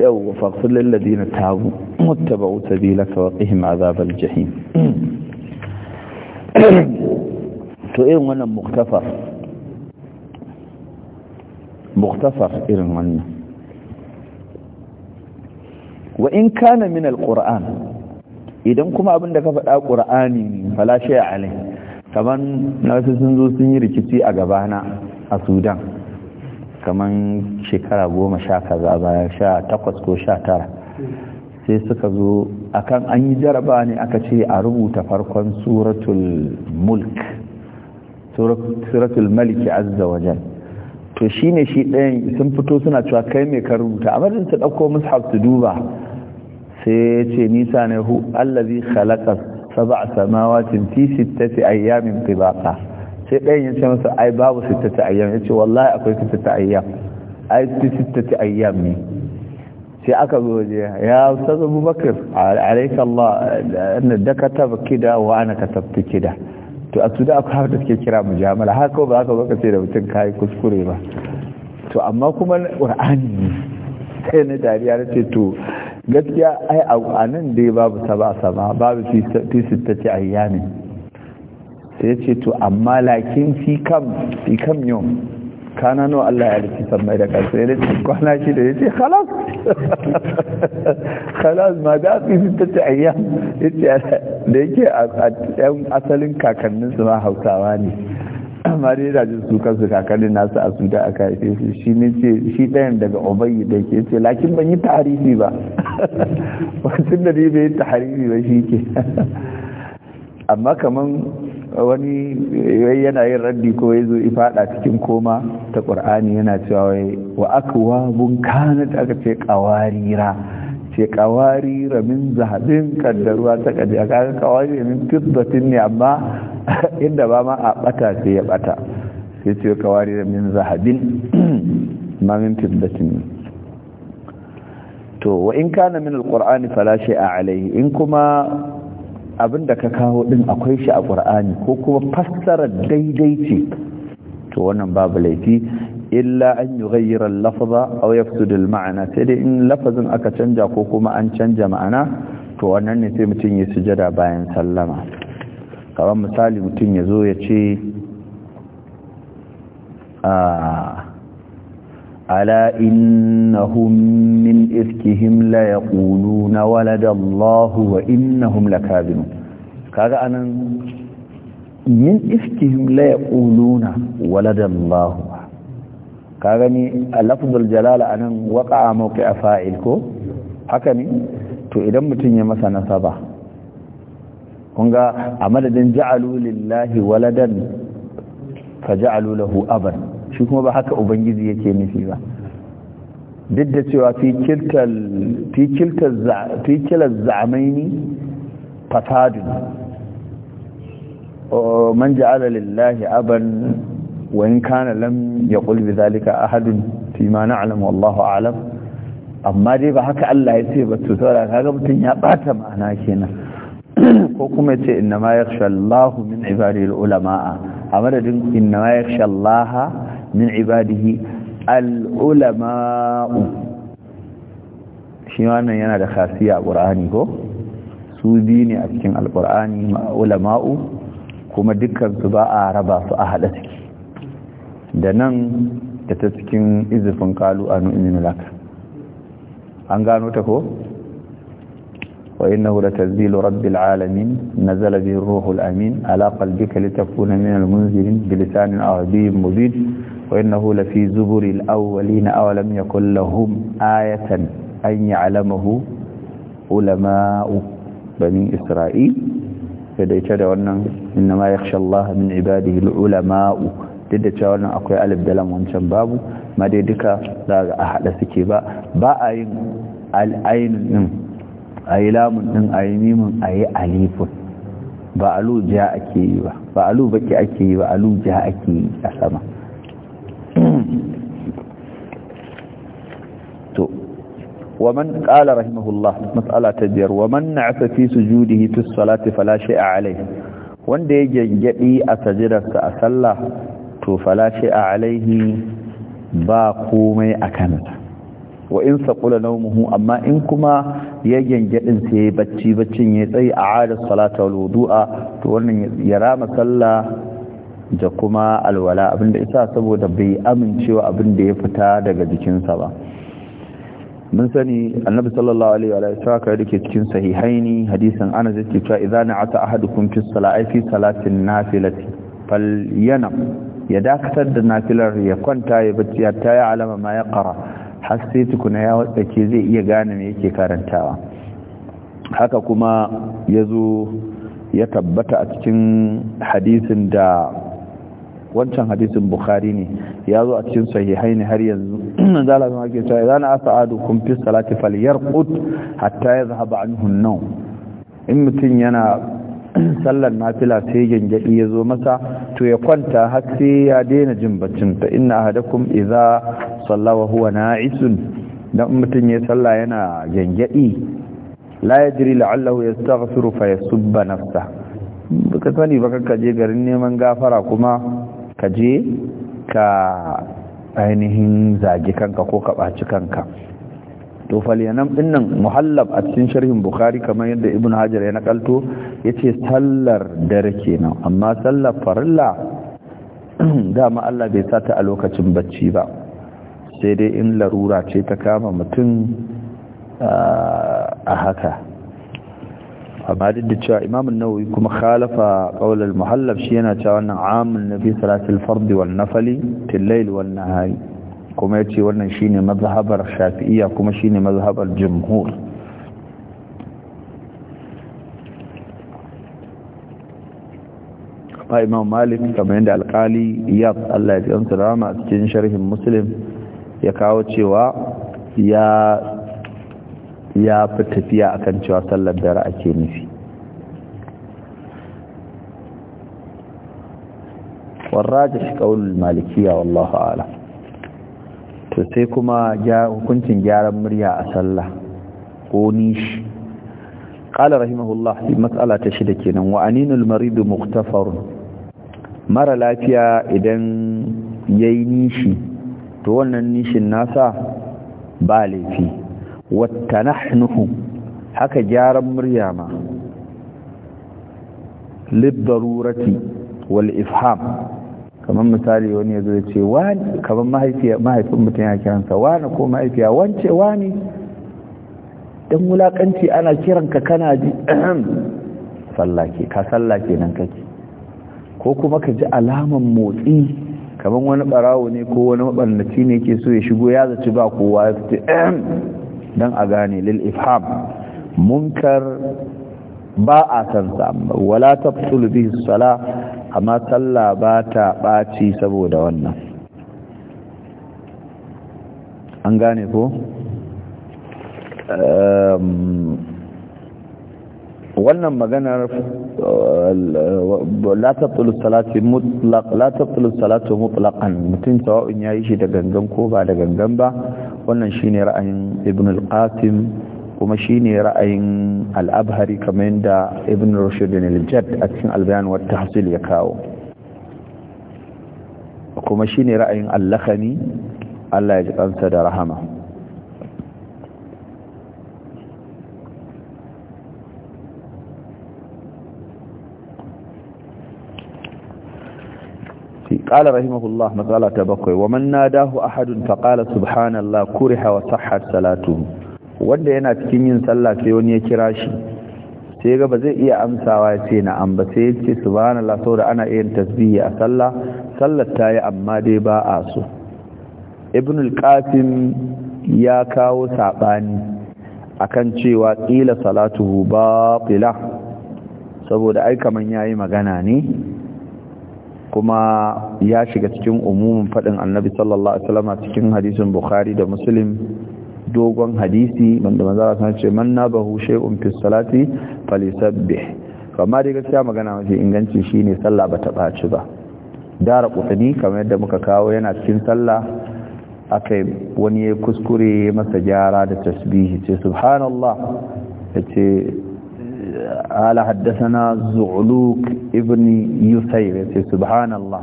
yau fa kullu allazina tabu wattaba'u sabilaka wa qihim azabal jahim to irin wannan muktafar muktafar irin wannan wa in kana min alquran idan kuma abin da ka faɗa ƙur'ani ne fala shaya alai kamar na wasu sun zo sun yi rikici a gabana a sudan kamar shekara goma sha kaza baya sha takwas ko sha tara sai suka zo akan an yi jaraba ne aka ce a rubuta farkon suratul mulk suratul maliki azza wajen to shine shi ɗayan sun fito suna cewa kai mai ka rubuta a madadin ɗauko mushaf duba sai ya ce nisa ne hu allazi khalaqa sab'a samawatin fi sittati ayyamin tibaqa sai ɗayan ya ce masa ai babu sittati ayyam ya ce wallahi akwai sittati ayyam ai sittati ayyam ne sai aka zo waje ya ustaz Abubakar alayka Allah da kataba kida wa ana katabtu kida to a tuda akwai haka suke kira mujamala haka ba haka baka ce da mutum kai kuskure ba to amma kuma qur'ani ne sai na dariya ce to gaskiya ai a nan dai babu ta ba sama babu fi sittace ayyami sai ce to amma lakin fi kam fi kam yau kana nawa Allah ya rufe mai da kansa ya rufe kwana shi da ya ce khalas [laughs] khalas ma da fi sittace ayyam ya ce da yake a yan asalin kakannin su ma hausawa ne amma dai da jin su kansu kakannin nasu a su da aka haife shi ne ce shi ɗayan daga obayi da ke ce lakin ban yi tarihi ba wasu da ne bai ta hariri ba shi ke amma kaman wani yana yin raddi ko ya zo ifada cikin koma ta qur'ani yana cewa wai wa akwa bun kanat aka ce ƙawarira ce kawarira min zahabin kaddaruwa ta kaje aka kawarira min tibbatin ne amma [laughs] inda ba ma a bata sai ya bata sai ce ƙawarira min zahabin ma min tibbatin ne to wa in kana min alqur'ani fala shay'a alayhi in kuma abinda ka kawo din akwai shi a qur'ani ko kuma fassara daidai ce to wannan babu laifi illa an yughayyira al-lafza aw yafsud al-ma'na sai dai in lafazin aka canja ko kuma an canja ma'ana to wannan ne sai mutum ya sujada bayan sallama kamar misali mutum ya zo ya ce ah, ala innahum min ifkihim la yaquluna walada Allah wa innahum lakazibun kaga anan min ifkihim la yaquluna walada Allah kaga ni lafzul jalal anan waqa'a mawqi'a fa'il ko haka ne to idan mutum ya masa nasaba kunga a madadin ja'alu lillahi waladan faj'alu lahu shi kuma ba haka ubangiji yake nufi ba duk da cewa fi zamani zamaini fasadun man ja'ala lillahi aban wa in kana lam yaqul bi zalika ahadun fi ma na'lam wallahu a'lam amma dai ba haka Allah ya ce ba to saboda kaga mutun ya bata ma'ana kenan ko kuma ce inna ma yakhsha Allahu min ibadihi ulama a madadin inna ma yakhsha من عباده العلماء شنو انا يانا ده خاصيه قراني كو su dini a cikin alkur'ani ulama'u kuma su ba a raba su a hada da nan da ta cikin izufin kalu a nu'inin laka an gano ta ko wa ina hula tazilu rabbi alamin na zalabin ruhul amin alaƙal dika ta kuna minal munzirin bilisanin arabiyyin mubin وإنه لفي زبر الأولين أولم يكن لهم آية أن يعلمه علماء بني إسرائيل فديتا da wannan inma yakhsha Allah min ibadihi alulama cewa wannan akwai alif da lam wancan babu ma dai duka za ga a hada suke ba ba a yin al-ainun din ayi lamun din yi mimun ayi alifun ba ja ake yi ba ba alu baki ake yi ba alu ja ake yi a sama ومن قال رحمه الله مسألة تبير ومن نعس في سجوده في الصلاة فلا شيء عليه wanda ya gyangyaɗi a sajidarsa a sallah to falashe a alaihi ba komai a kanata wa in saƙula naumuhu amma in kuma ya gyangyaɗin sai bacci baccin ya tsayi a adar salata wal wudu'a to wannan ya rama sallah da kuma alwala abinda isa saboda bai amincewa abinda ya fita daga jikinsa ba mun sani annabi sallallahu alaihi wa sallaka yake cikin sahihaini hadisin anas yake cewa idza ata ahadukum fi salati fi salatin nafilati yanam ya dakatar da nafilar ya kwanta ya bacci ya ta ya alama ma ya qara har sai tukuna ya watsake zai iya gane me yake karantawa haka kuma yazo ya tabbata a cikin hadisin da wancan hadisin bukhari ne ya zo a cikin sahihai ne har yanzu zala zama ake cewa idan Sa'adu kun fi salati ƙud. hatta yadhhaba anhu an-nawm in mutun yana [clears throat] sallar nafila sai gangadi ya zo masa to ya kwanta har sai ya daina jin baccin ta inna ahadakum idza salla wa huwa na'isun dan mutun ya salla yana gangadi la yadri la'allahu yastaghfiru fa yasubba nafsahu baka sani baka kaje garin neman gafara kuma ka je ka ainihin zage kanka ko ka ɓaci kanka to falyanan dinnan muhallab a cikin sharhin bukhari kamar yadda ibn hajar ya nakalto yace sallar dare kenan amma sallar farilla [clears throat] dama Allah bai sata a lokacin bacci ba sai dai in larura ce ta kama mutum ah, a haka amma duk da cewa imam nawawi kuma khalafa qawl muhallab shi yana cewa wannan amun nabi salatul fard wal nafli til layl wal nahar kuma yace wannan shine mazhabar shafi'iyya kuma shine mazhabar jumhur ba imam malik kamar yadda alkali iyab Allah ya ji amsa rama cikin sharhin muslim ya kawo cewa ya ya fi tafiya akan cewa sallar dare ake nufi warrajish qaulul malikiyya wallahu ala. to sai kuma hukuncin gyaran murya a sallah ko nishi qala rahimahullah matsala ta shida kenan wa aninul maridu muktafarun mara lafiya idan yayi nishi to wannan nishin nasa ba laifi watanahnuhu haka gyaran murya ma liddarurati wal ifham kamar misali wani ya zo ya ce wani kamar mahaifin mutum ya kiransa wani ko mahaifiya wance wani don wulaƙanci ana kiran ka, kana ji sallake ka sallake nan kake ko kuma ka ji alaman motsi kamar wani ɓarawo ne ko wani maɓarnaci ne ke so ya shigo ya zaci ba kowa ya fita don a gane lil ifham munkar ba a san sa wala tafsul bihi sala amma sallah ba ta baci saboda wannan an gane ko ehm, wannan maganar eh, la tabtulu salati mutlaq la tabtulu salatu mutlaqan mutun sawa'un yayi shi da gangan ko ba da gangan ba wannan shine ra'ayin ibn al-qasim kuma shine ra'ayin al-abhari kamar yadda ibn rushd al-jadd a cikin al-bayan wa ya kawo kuma shine ra'ayin al-lakhani Allah ya ji kansa da rahama rahimahullah matsala ta bakwai. Wa manna ومن ahadun ta ƙala. Subhanallah. الله hawa وصحت salatu wanda yana cikin yin sallah sai wani ya kira shi sai ga ba zai iya amsawa ya ce na'am ba sai ya ce subhanallah saboda ana iya tasbihi a sallah sallar ta yi amma dai ba a so ibn al ya kawo sabani akan cewa qila salatuhu batila saboda ai kaman yayi magana ne kuma ya shiga cikin umumin faɗin annabi sallallahu alaihi wasallam cikin hadisin bukhari da muslim dogon hadisi wanda Allah ce man nabahu shay'un fi salati falisabbih amma dai gaskiya magana mafi inganci shine sallah bata baci ba dara kutani kamar yadda muka kawo yana cikin sallah akai wani ya kuskure masa gyara da tasbihi ce subhanallah ce قال حدثنا زعلوك ابن يثير سبحان الله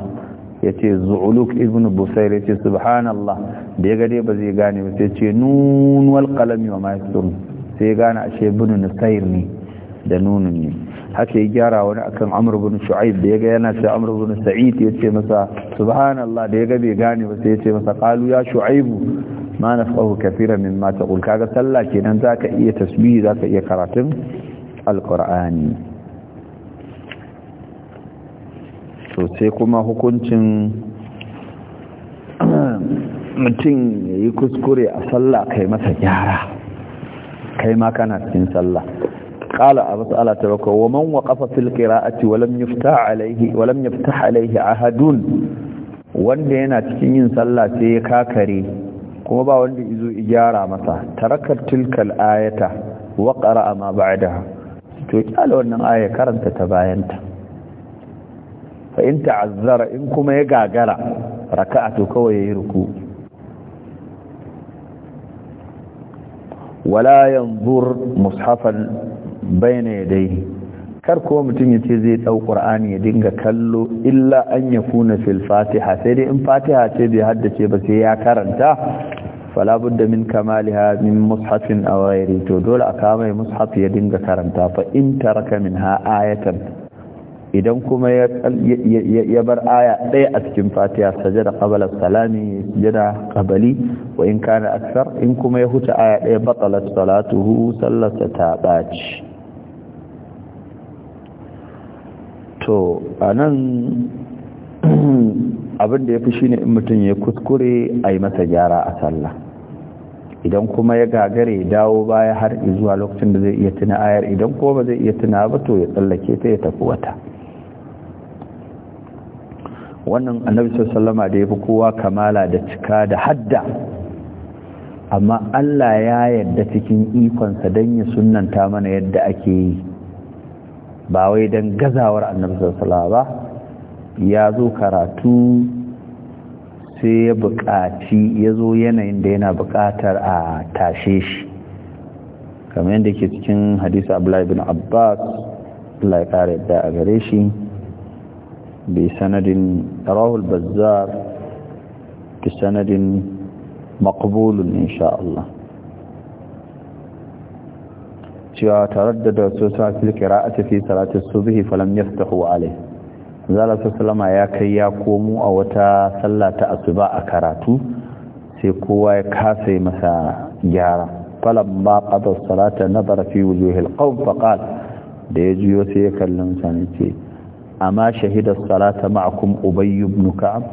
yace zu'uluk ibn busayr yace subhanallah da ya gade ba zai gane ba sai ce nun wal qalami wa ma yasturun sai ya gane ashe ibn nusayr ne da nunun ne haka ya gyara wani akan amr ibn shu'aib da ya ga yana ce amr ibn sa'id yace masa subhanallah da ya ga bai gane ba sai yace masa qalu ya shu'aib ma nafahu kathira mimma taqul kaga sallah kenan zaka iya tasbihi zaka iya karatun alkur'ani to sai kuma hukuncin [clears throat] mutum ya yi kuskure a sallah kai masa gyara kai ma kana cikin sallah قال أبو سألة تبكى ومن وقف في القراءة ولم يفتح عليه ولم يفتح عليه hadun, wanda yana cikin yin sallah sai ya kakare kuma ba wanda izo gyara masa tarakar tilkal ayata wa ama ma ba'daha to ya kyala wannan aya karanta ta bayanta fa in ta'azzara in kuma ya gagara raka'a to kawai yayi ruku wala yanzur mushafan bayna yadayhi kar ko mutum ya ce zai dau ƙur'ani ya dinga kallo illa an yakuna fil fatiha sai dai in fatiha ce bai haddace ba sai ya karanta fala da min kamaliha min mushafin aw ghairi to dole aka mai mushaf ya dinga karanta fa in taraka minha ayatan idan kuma ya bar aya ɗaya a cikin fatiha sajada qabala salami sajada qabali wa in kana akthar in kuma ya huta aya ɗaya batalat salatuhu sallata ta baci to abin da ya fi shi ne in mutum ya kuskure a yi masa gyara a sallah idan kuma ya gagare dawo baya har zuwa lokacin da zai iya tuna ayar idan kuma ba zai iya tuna ba to ya tsallake ta ya tafi wata wannan annabi sallama da ya fi kowa kamala da cika da hadda amma Allah ya yarda cikin ikonsa don ya sunanta mana yadda ake yi ba wai don gazawar annabi sallama ba ya zo karatu sai ya buƙaci ya zo yanayin da yana buƙatar a tashe shi kamar yadda ke cikin hadisu abdullahi bin abbas Allah ya ƙara yadda a gare shi bai sanadin rahul bazzar da sanadin makabulun insha cewa tare da da sosa fil qira'ati su salati subhi falam yaftahu alai zalasa salama ya kai ya komo a wata sallah ta asuba a karatu sai kowa ya kasa masa gyara falamma qada salata nazara fi wujuhi alqawm da ya juyo sai ya kallon sani ce amma shahidar salata ma'akum ubay ibn ka'ab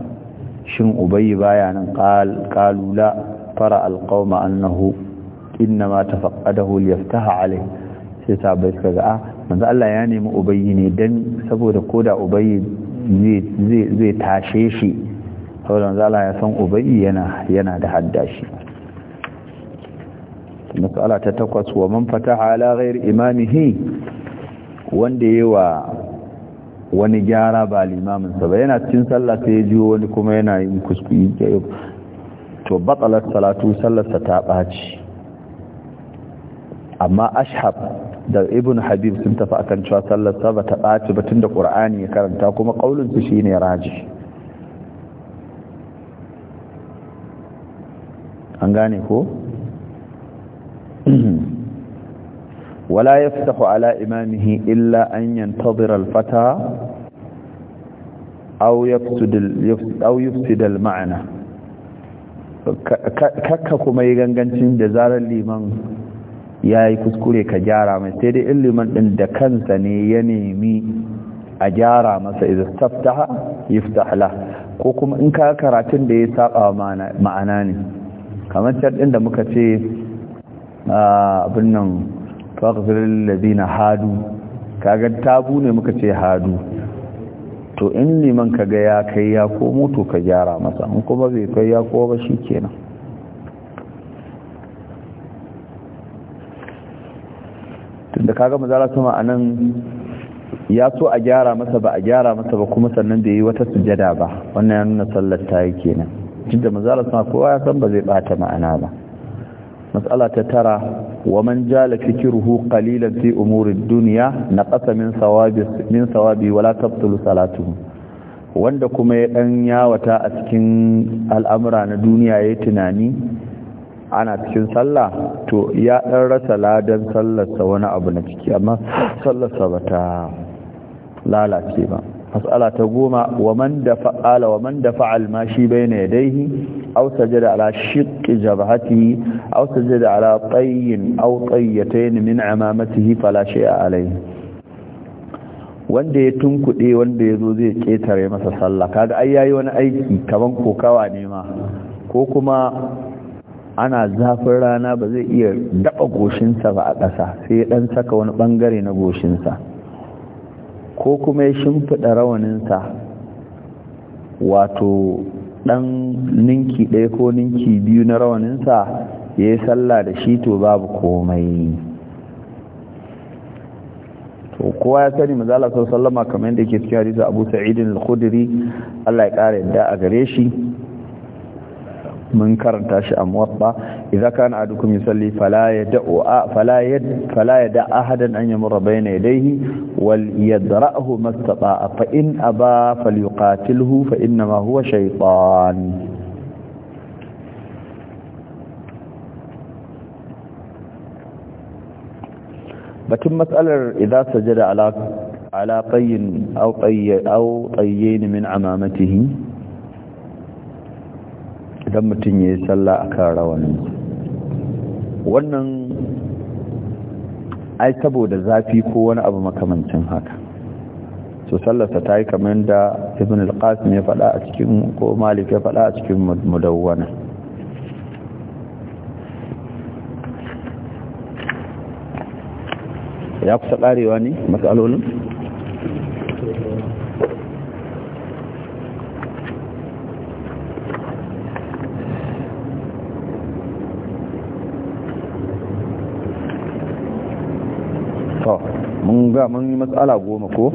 shin ubayyu baya nan qal fara alqawma annahu inma tafaqqadahu liyaftaha alayhi sai sabai kaga manzo Allah ya nemi ubayyi ne dan saboda koda ubayyi zai tashe shi saboda manzo Allah ya san ubayyi yana yana da hadda shi mas'ala ta takwas wa man fataha ala ghairi imamihi wanda wa wani gyara ba limamin sa ba yana cikin sallah sai ya jiwo wani kuma yana yin kuskure to batsalar salatu sallarsa ta ɓaci amma ashab da ibn habib sun tafi akan cewa sallar sa ba ta ɓaci ba tunda qur'ani ya karanta kuma ƙaunin su shine raji an gane ko [clears throat] wala yaftahu ala imamihi illa an yantazira al-fata au ya fi yafsid al kakka kuma yi gangancin da zarar liman ya yi kuskure ka gyara mai sai dai liman ɗin da kansa ne ya nemi a gyara masa idan taftaha yiftahla ko kuma in ka karatun da ya saba ma'ana ne kamar can ɗin da muka ce abin nan faƙasirin na hadu kaga tabu ne muka ce hadu to in liman ka ga ya kai ya komo to ka gyara masa in kuma zai kai ya kowa ba shi kenan da kaga mazara sama a nan ya so a gyara masa ba a gyara masa ba kuma sannan da yi wata sujada ba wannan ya nuna sallar ta yi kenan cikin da mazara sama kowa ya san ba zai bata ma'ana ba matsala ta tara wa man jala fikiruhu qalilan fi umuri dunya na min sawabi min sawabi wala tabtulu salatuhu wanda kuma ya dan yawata a cikin al'amura na duniya ya yi tunani ana cikin sallah to ya dan rasa ladan sallarsa wani abu na ciki amma sallarsa ba ta lalace ba mas'ala ta goma wa man da fa'ala wa man da fa'al ma shi bayna yadayhi aw sajada ala shiqq jabhatihi aw sajada ala tayyin aw tayyatayn min amamatihi fala shay'a alayhi wanda ya tunkuɗe wanda ya zo zai ƙetare masa sallah kaga ai yayi wani aiki kaman kokawa ne ma ko kuma ana zafin rana ba zai iya daɓa goshinsa ba a ƙasa sai ya ɗan saka wani ɓangare na goshinsa ko kuma ya shimfiɗa rawaninsa wato ɗan ninki ɗaya ko ninki biyu na rawaninsa ya yi sallah da shi to babu komai to kowa ya sani mazala sau sallama kamar yadda ke cikin hadisa abu sa'idin al khudiri allah ya ƙara yadda a gare shi من كرنت شيء موطا اذا كان عدكم يصلي فلا يدع فلا يد فلا يدع احدا ان يمر بين يديه وليدراه ما استطاع فان ابى فليقاتله فانما هو شيطان لكن مساله اذا سجد على على طي او طي او طيين من عمامته idan mutum ya yi sallah a kan rawan wannan ai saboda zafi ko wani abu makamancin haka so sallarsa ta yi kamar da ibn al-qasim ya faɗa a cikin ko malik ya faɗa a cikin mudawwana ya kusa ƙarewa ne matsalolin mun ga mun yi matsala goma ko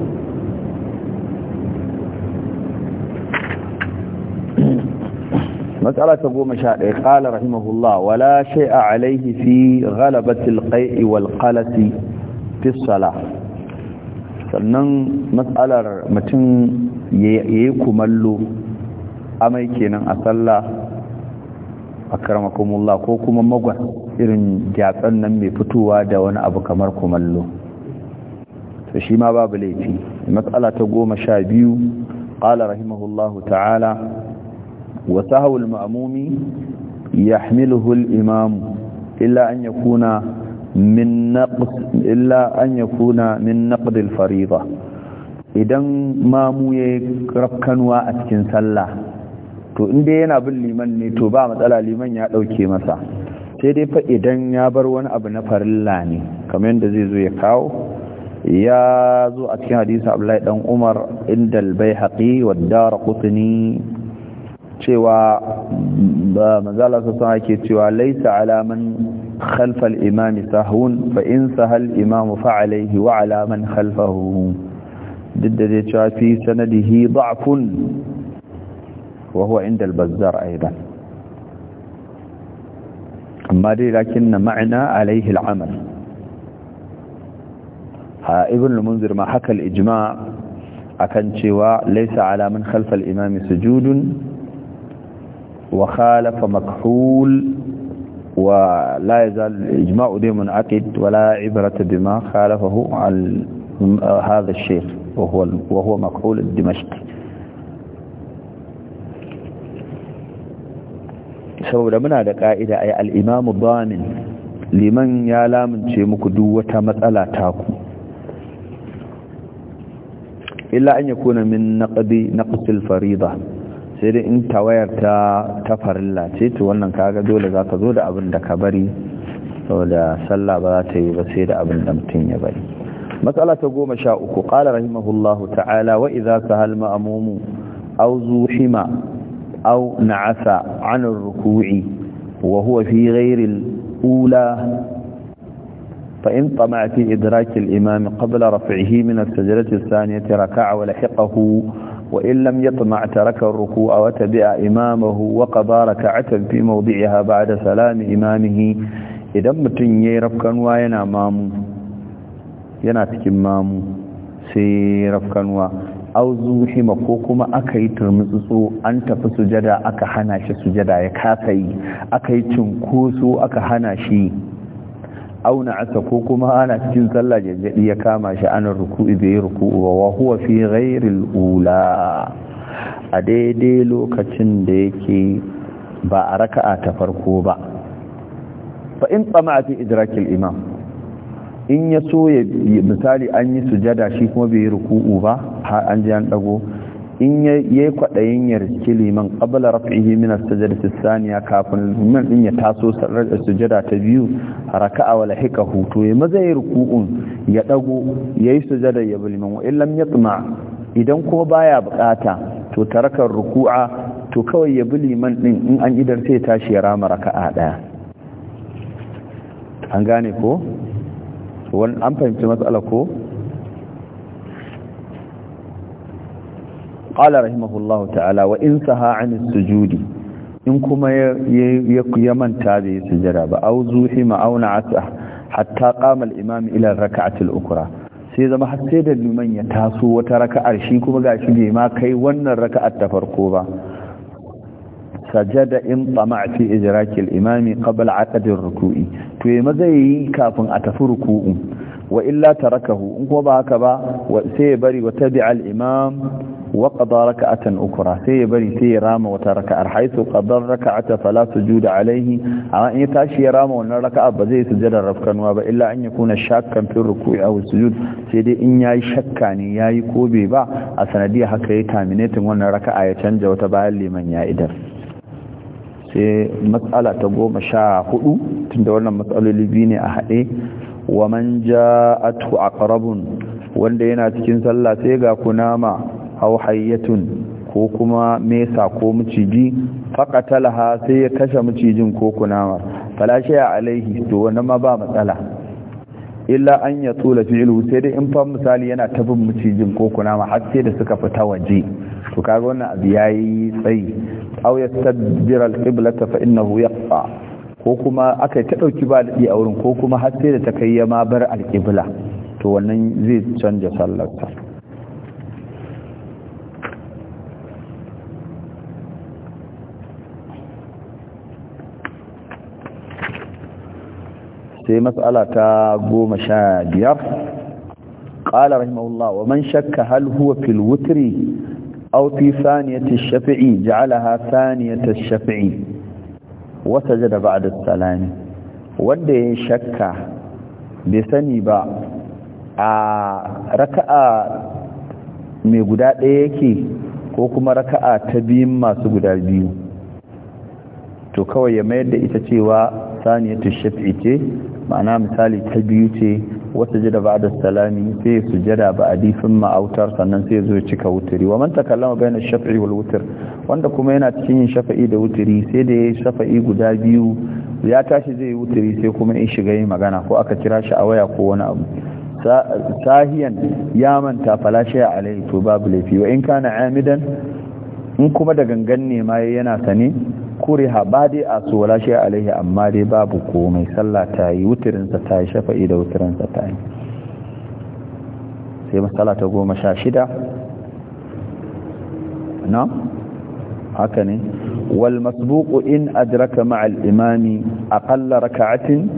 matsala ta goma sha ɗaya ƙala rahimahullah wala shai'a alaihi fi ghalabatil qai'i wal qalati fi sannan matsalar mutum ya yi kumallo amai kenan a sallah allah ko kuma magwan irin jatsan nan mai fitowa da wani abu kamar kumallo da shi ma babu laifi matsala ta goma sha biyu ƙala rahimahullahu ta'ala wa sahawul ma'amumi ya hamiluhul imamu illa an ya kuna min naƙdil fariza idan mamu ya rafkanuwa a cikin sallah to inda yana bin liman ne to ba matsala liman ya ɗauke masa sai dai fa idan ya bar wani abu na farilla ne kamar yadda zai zo ya kawo ya zo a cikin hadisin abdullahi dan umar inda albayhaqi wa darqutni cewa manzala sassan ake cewa laisa alaman khalfal imami sahun fa in sahal imamu fa'alaihi wa alaman khalfahu duk da zai cewa fi sanadihi da'fun wa huwa inda albazzar aidan amma dai lakin na ma'ana alaihi al'amal آه، ابن المنذر ما حكى الإجماع أكن شواء ليس على من خلف الإمام سجود وخالف مكحول ولا يزال الإجماع دي منعقد ولا عبرة بما خالفه عن هذا الشيخ وهو, وهو مكحول الدمشقي سبب لمن هذا قائد أي الإمام الضامن لمن يعلم أن يكون هناك مسألة تاكم illa an yakuna min naqdi naqsil farida sai dai in tawayar ta ta farilla ce to wannan kaga dole zaka zo da abin da ka bari saboda sallah ba za ta yi ba sai da abin da mutum ya bari matsala ta goma sha uku qala rahimahullahu ta'ala wa idza sahal ma'mumu aw zuhima aw na'asa 'an ar-ruku'i wa huwa fi ghairi al-ula فإن طمع في إدراك الإمام قبل رفعه من السجرة الثانية ركع ولحقه وإن لم يطمع ترك الركوع وتبع إمامه وقضى ركعة في موضعها بعد سلام إمامه إذا متن يرفقا وينا مامو يناتك cikin mamu و أو زوحي hima أكي kuma أنت yi أكحناش an tafi أكي تنكوسو أكحناشي auna asa ko kuma ana cikin sallah jajjadi ya kama shi ana ruku'i bai ruku'u ba wa huwa fi ghairil ula a daidai lokacin da yake ba a raka'a ta farko ba fa in tsama fi idrakil imam in ya so ya misali an yi sujada shi kuma bai ruku'u ba har an ji an dago in ya kwaɗayin ya liman ƙabala rafihi min as as saniya kafin liman din ya taso sujada ta biyu raka'a wa lahika hutu ya maza ya ruku'un ya dago yayi sujada ya liman wa in yatma idan kuma baya bukata to taraka ruku'a to kawai ya bi liman din in an idar sai tashi ya rama raka'a daya an gane ko an fahimci matsala ko qala rahimahullahu ta'ala wa in saha an sujudi in kuma ya manta da ya sujada ba au zuhi ma'auna asa hatta qama al-imam ila rak'ati ukura sai zama har sai da liman ya taso wata raka'ar shi kuma gashi bai ma kai wannan raka'ar ta farko ba sajada in tsama'ati ijrakil imami qabla aqdir ruku'i to yayi maza yi kafin a tafi ruku'u wa illa rakahu in kuma ba haka ba sai ya bari wa tabi'a al imam wa raka'atan ukra sai ya bari sai ya rama wata raka'ar haisu qadar raka'ata fala sujuda alaihi amma in ya tashi ya rama wannan raka'a ba zai sujada rafkanuwa ba illa an yakuna shakkan fi ruku'i aw sujud sai dai in yayi shakka ne yayi ko bai ba a sanadiyar haka ya terminating wannan raka'a ya canja wata bayan liman ya idar sai matsala ta goma sha hudu tunda wannan matsaloli biyu ne a haɗe wa man ja'atu aqrabun wanda yana cikin sallah sai ga kunama hauhayyatun hayyatun ko kuma mesa ko maciji, miciji laha sai ya kashe macijin ko kunamar falashe a alaihi to wani ma ba matsala illa an ya tula fi'lu sai dai in fa misali yana tabin macijin ko kunama har sai da suka fita waje to kaga wannan abu yi tsayi aw yastadbir al-qiblata fa innahu yaqfa ko kuma aka ta dauki ba dadi a wurin ko kuma har sai da ta kai ya ma bar al to wannan zai canja ta sai mas'ala ta goma sha biyar ƙala rahimahullah wa man shakka hal huwa fil wutri aw fi saniyati shafi'i ja'alaha saniyata shafi'i wa sajada ba'da salami wanda ya shakka bai sani ba a raka'a mai guda ɗaya yake ko kuma raka'a ta biyun masu guda biyu to kawai ya mayar da ita cewa saniyatu shafi'i ce ma'ana misali ta biyu ce wata jada ba da salami sai jada ba adifin ma'autar sannan sai zo cika wuturi wa man takallama bayna shafi'i wal wutr wanda kuma yana cikin yin shafi'i da wuturi sai da ya shafi'i guda biyu ya tashi zai yi wuturi sai kuma in shiga yin magana ko aka kira shi a waya ko wani abu sahiyan ya manta falashe alai to babu laifi wa in kana amidan in kuma da gangan ne ma yana sane kuriha ba dai a su wala shi alaihi amma dai babu komai sallah ta yi wutirinsa ta yi shafa'i da wutirinsa ta yi sai matsala ta goma sha shida na haka ne wal masbuku in adraka ma'al imami aqalla raka'atin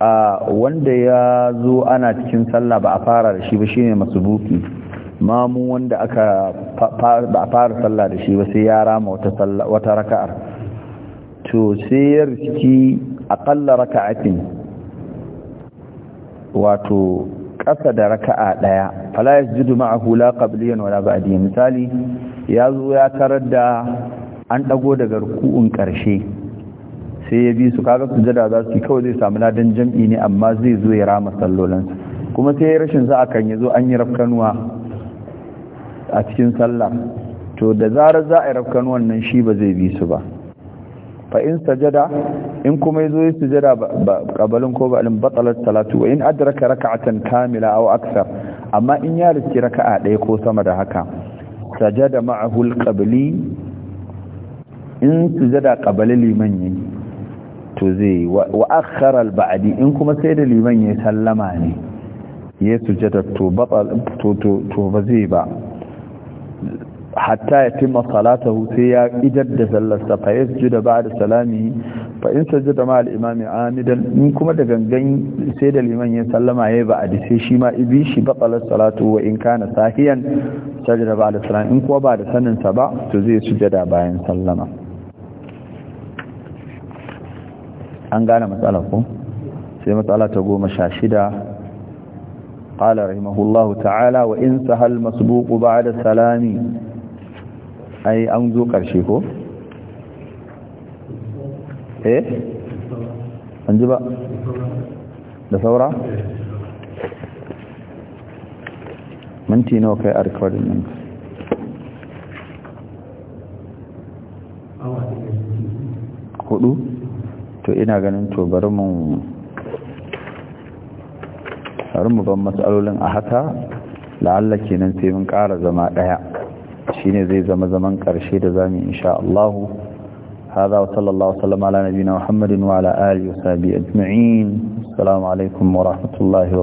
a wanda ya zo ana cikin sallah ba a fara da shi ba shi ne masbuki. mamu wanda aka ba fara sallah da shi ba sai ya rama wata raka'ar to sai ya riski aƙalla raka'atin wato ƙasa da raka'a ɗaya fala jidu ma'ahu la qabliyan wala ba'di misali ya zo ya tarar da an ɗago daga ruku'un ƙarshe sai ya bi su kaga sujada za su kawai zai samu ladan jam'i ne amma zai zo ya rama sallolansa kuma sai rashin sa'a kan ya zo an yi rafkanuwa a cikin sallah to da zarar za a rafkan wannan shi ba zai bi su ba fa in sajada in kuma yazo ya sujada qabalin ko ba'alin batalat salatu wa in adraka rak'atan kamila aw akthar amma in ya riski raka'a daya ko sama da haka sajada ma'ahu al-qabli in sujada qabali liman yi to zai wa akhara al-ba'di in kuma sai da liman ya sallama ne ya sujada to batal to to ba zai ba hatta ya timma salatahu sai ya idar da sallarsa fa yasjuda ba'da salami fa in sajada ma al amidan in kuma da gangan sai liman ya sallama yayi ba adi sai shi ma ibi shi baqala salatu wa in kana sahiyan sajada ba'da salami in kuwa ba da sa ba to zai sujada bayan sallama an gane matsala ko sai matsala ta goma sha shida قال رحمه الله تعالى وإن سهل مسبوق بعد السلام ai an zo ƙarshe ko? eh? an ji ba? da saura? minti nawa kai a nan hudu? to ina ganin to bari mu bari mu ban matsalolin a haka la'alla kenan sai mun ƙara zama ɗaya shine zai zama zaman karshe da zamu insha Allah hada wa sallallahu sallama ala nabiyina Muhammadin wa ala alihi wa sahbihi ajma'in assalamu alaikum wa rahmatullahi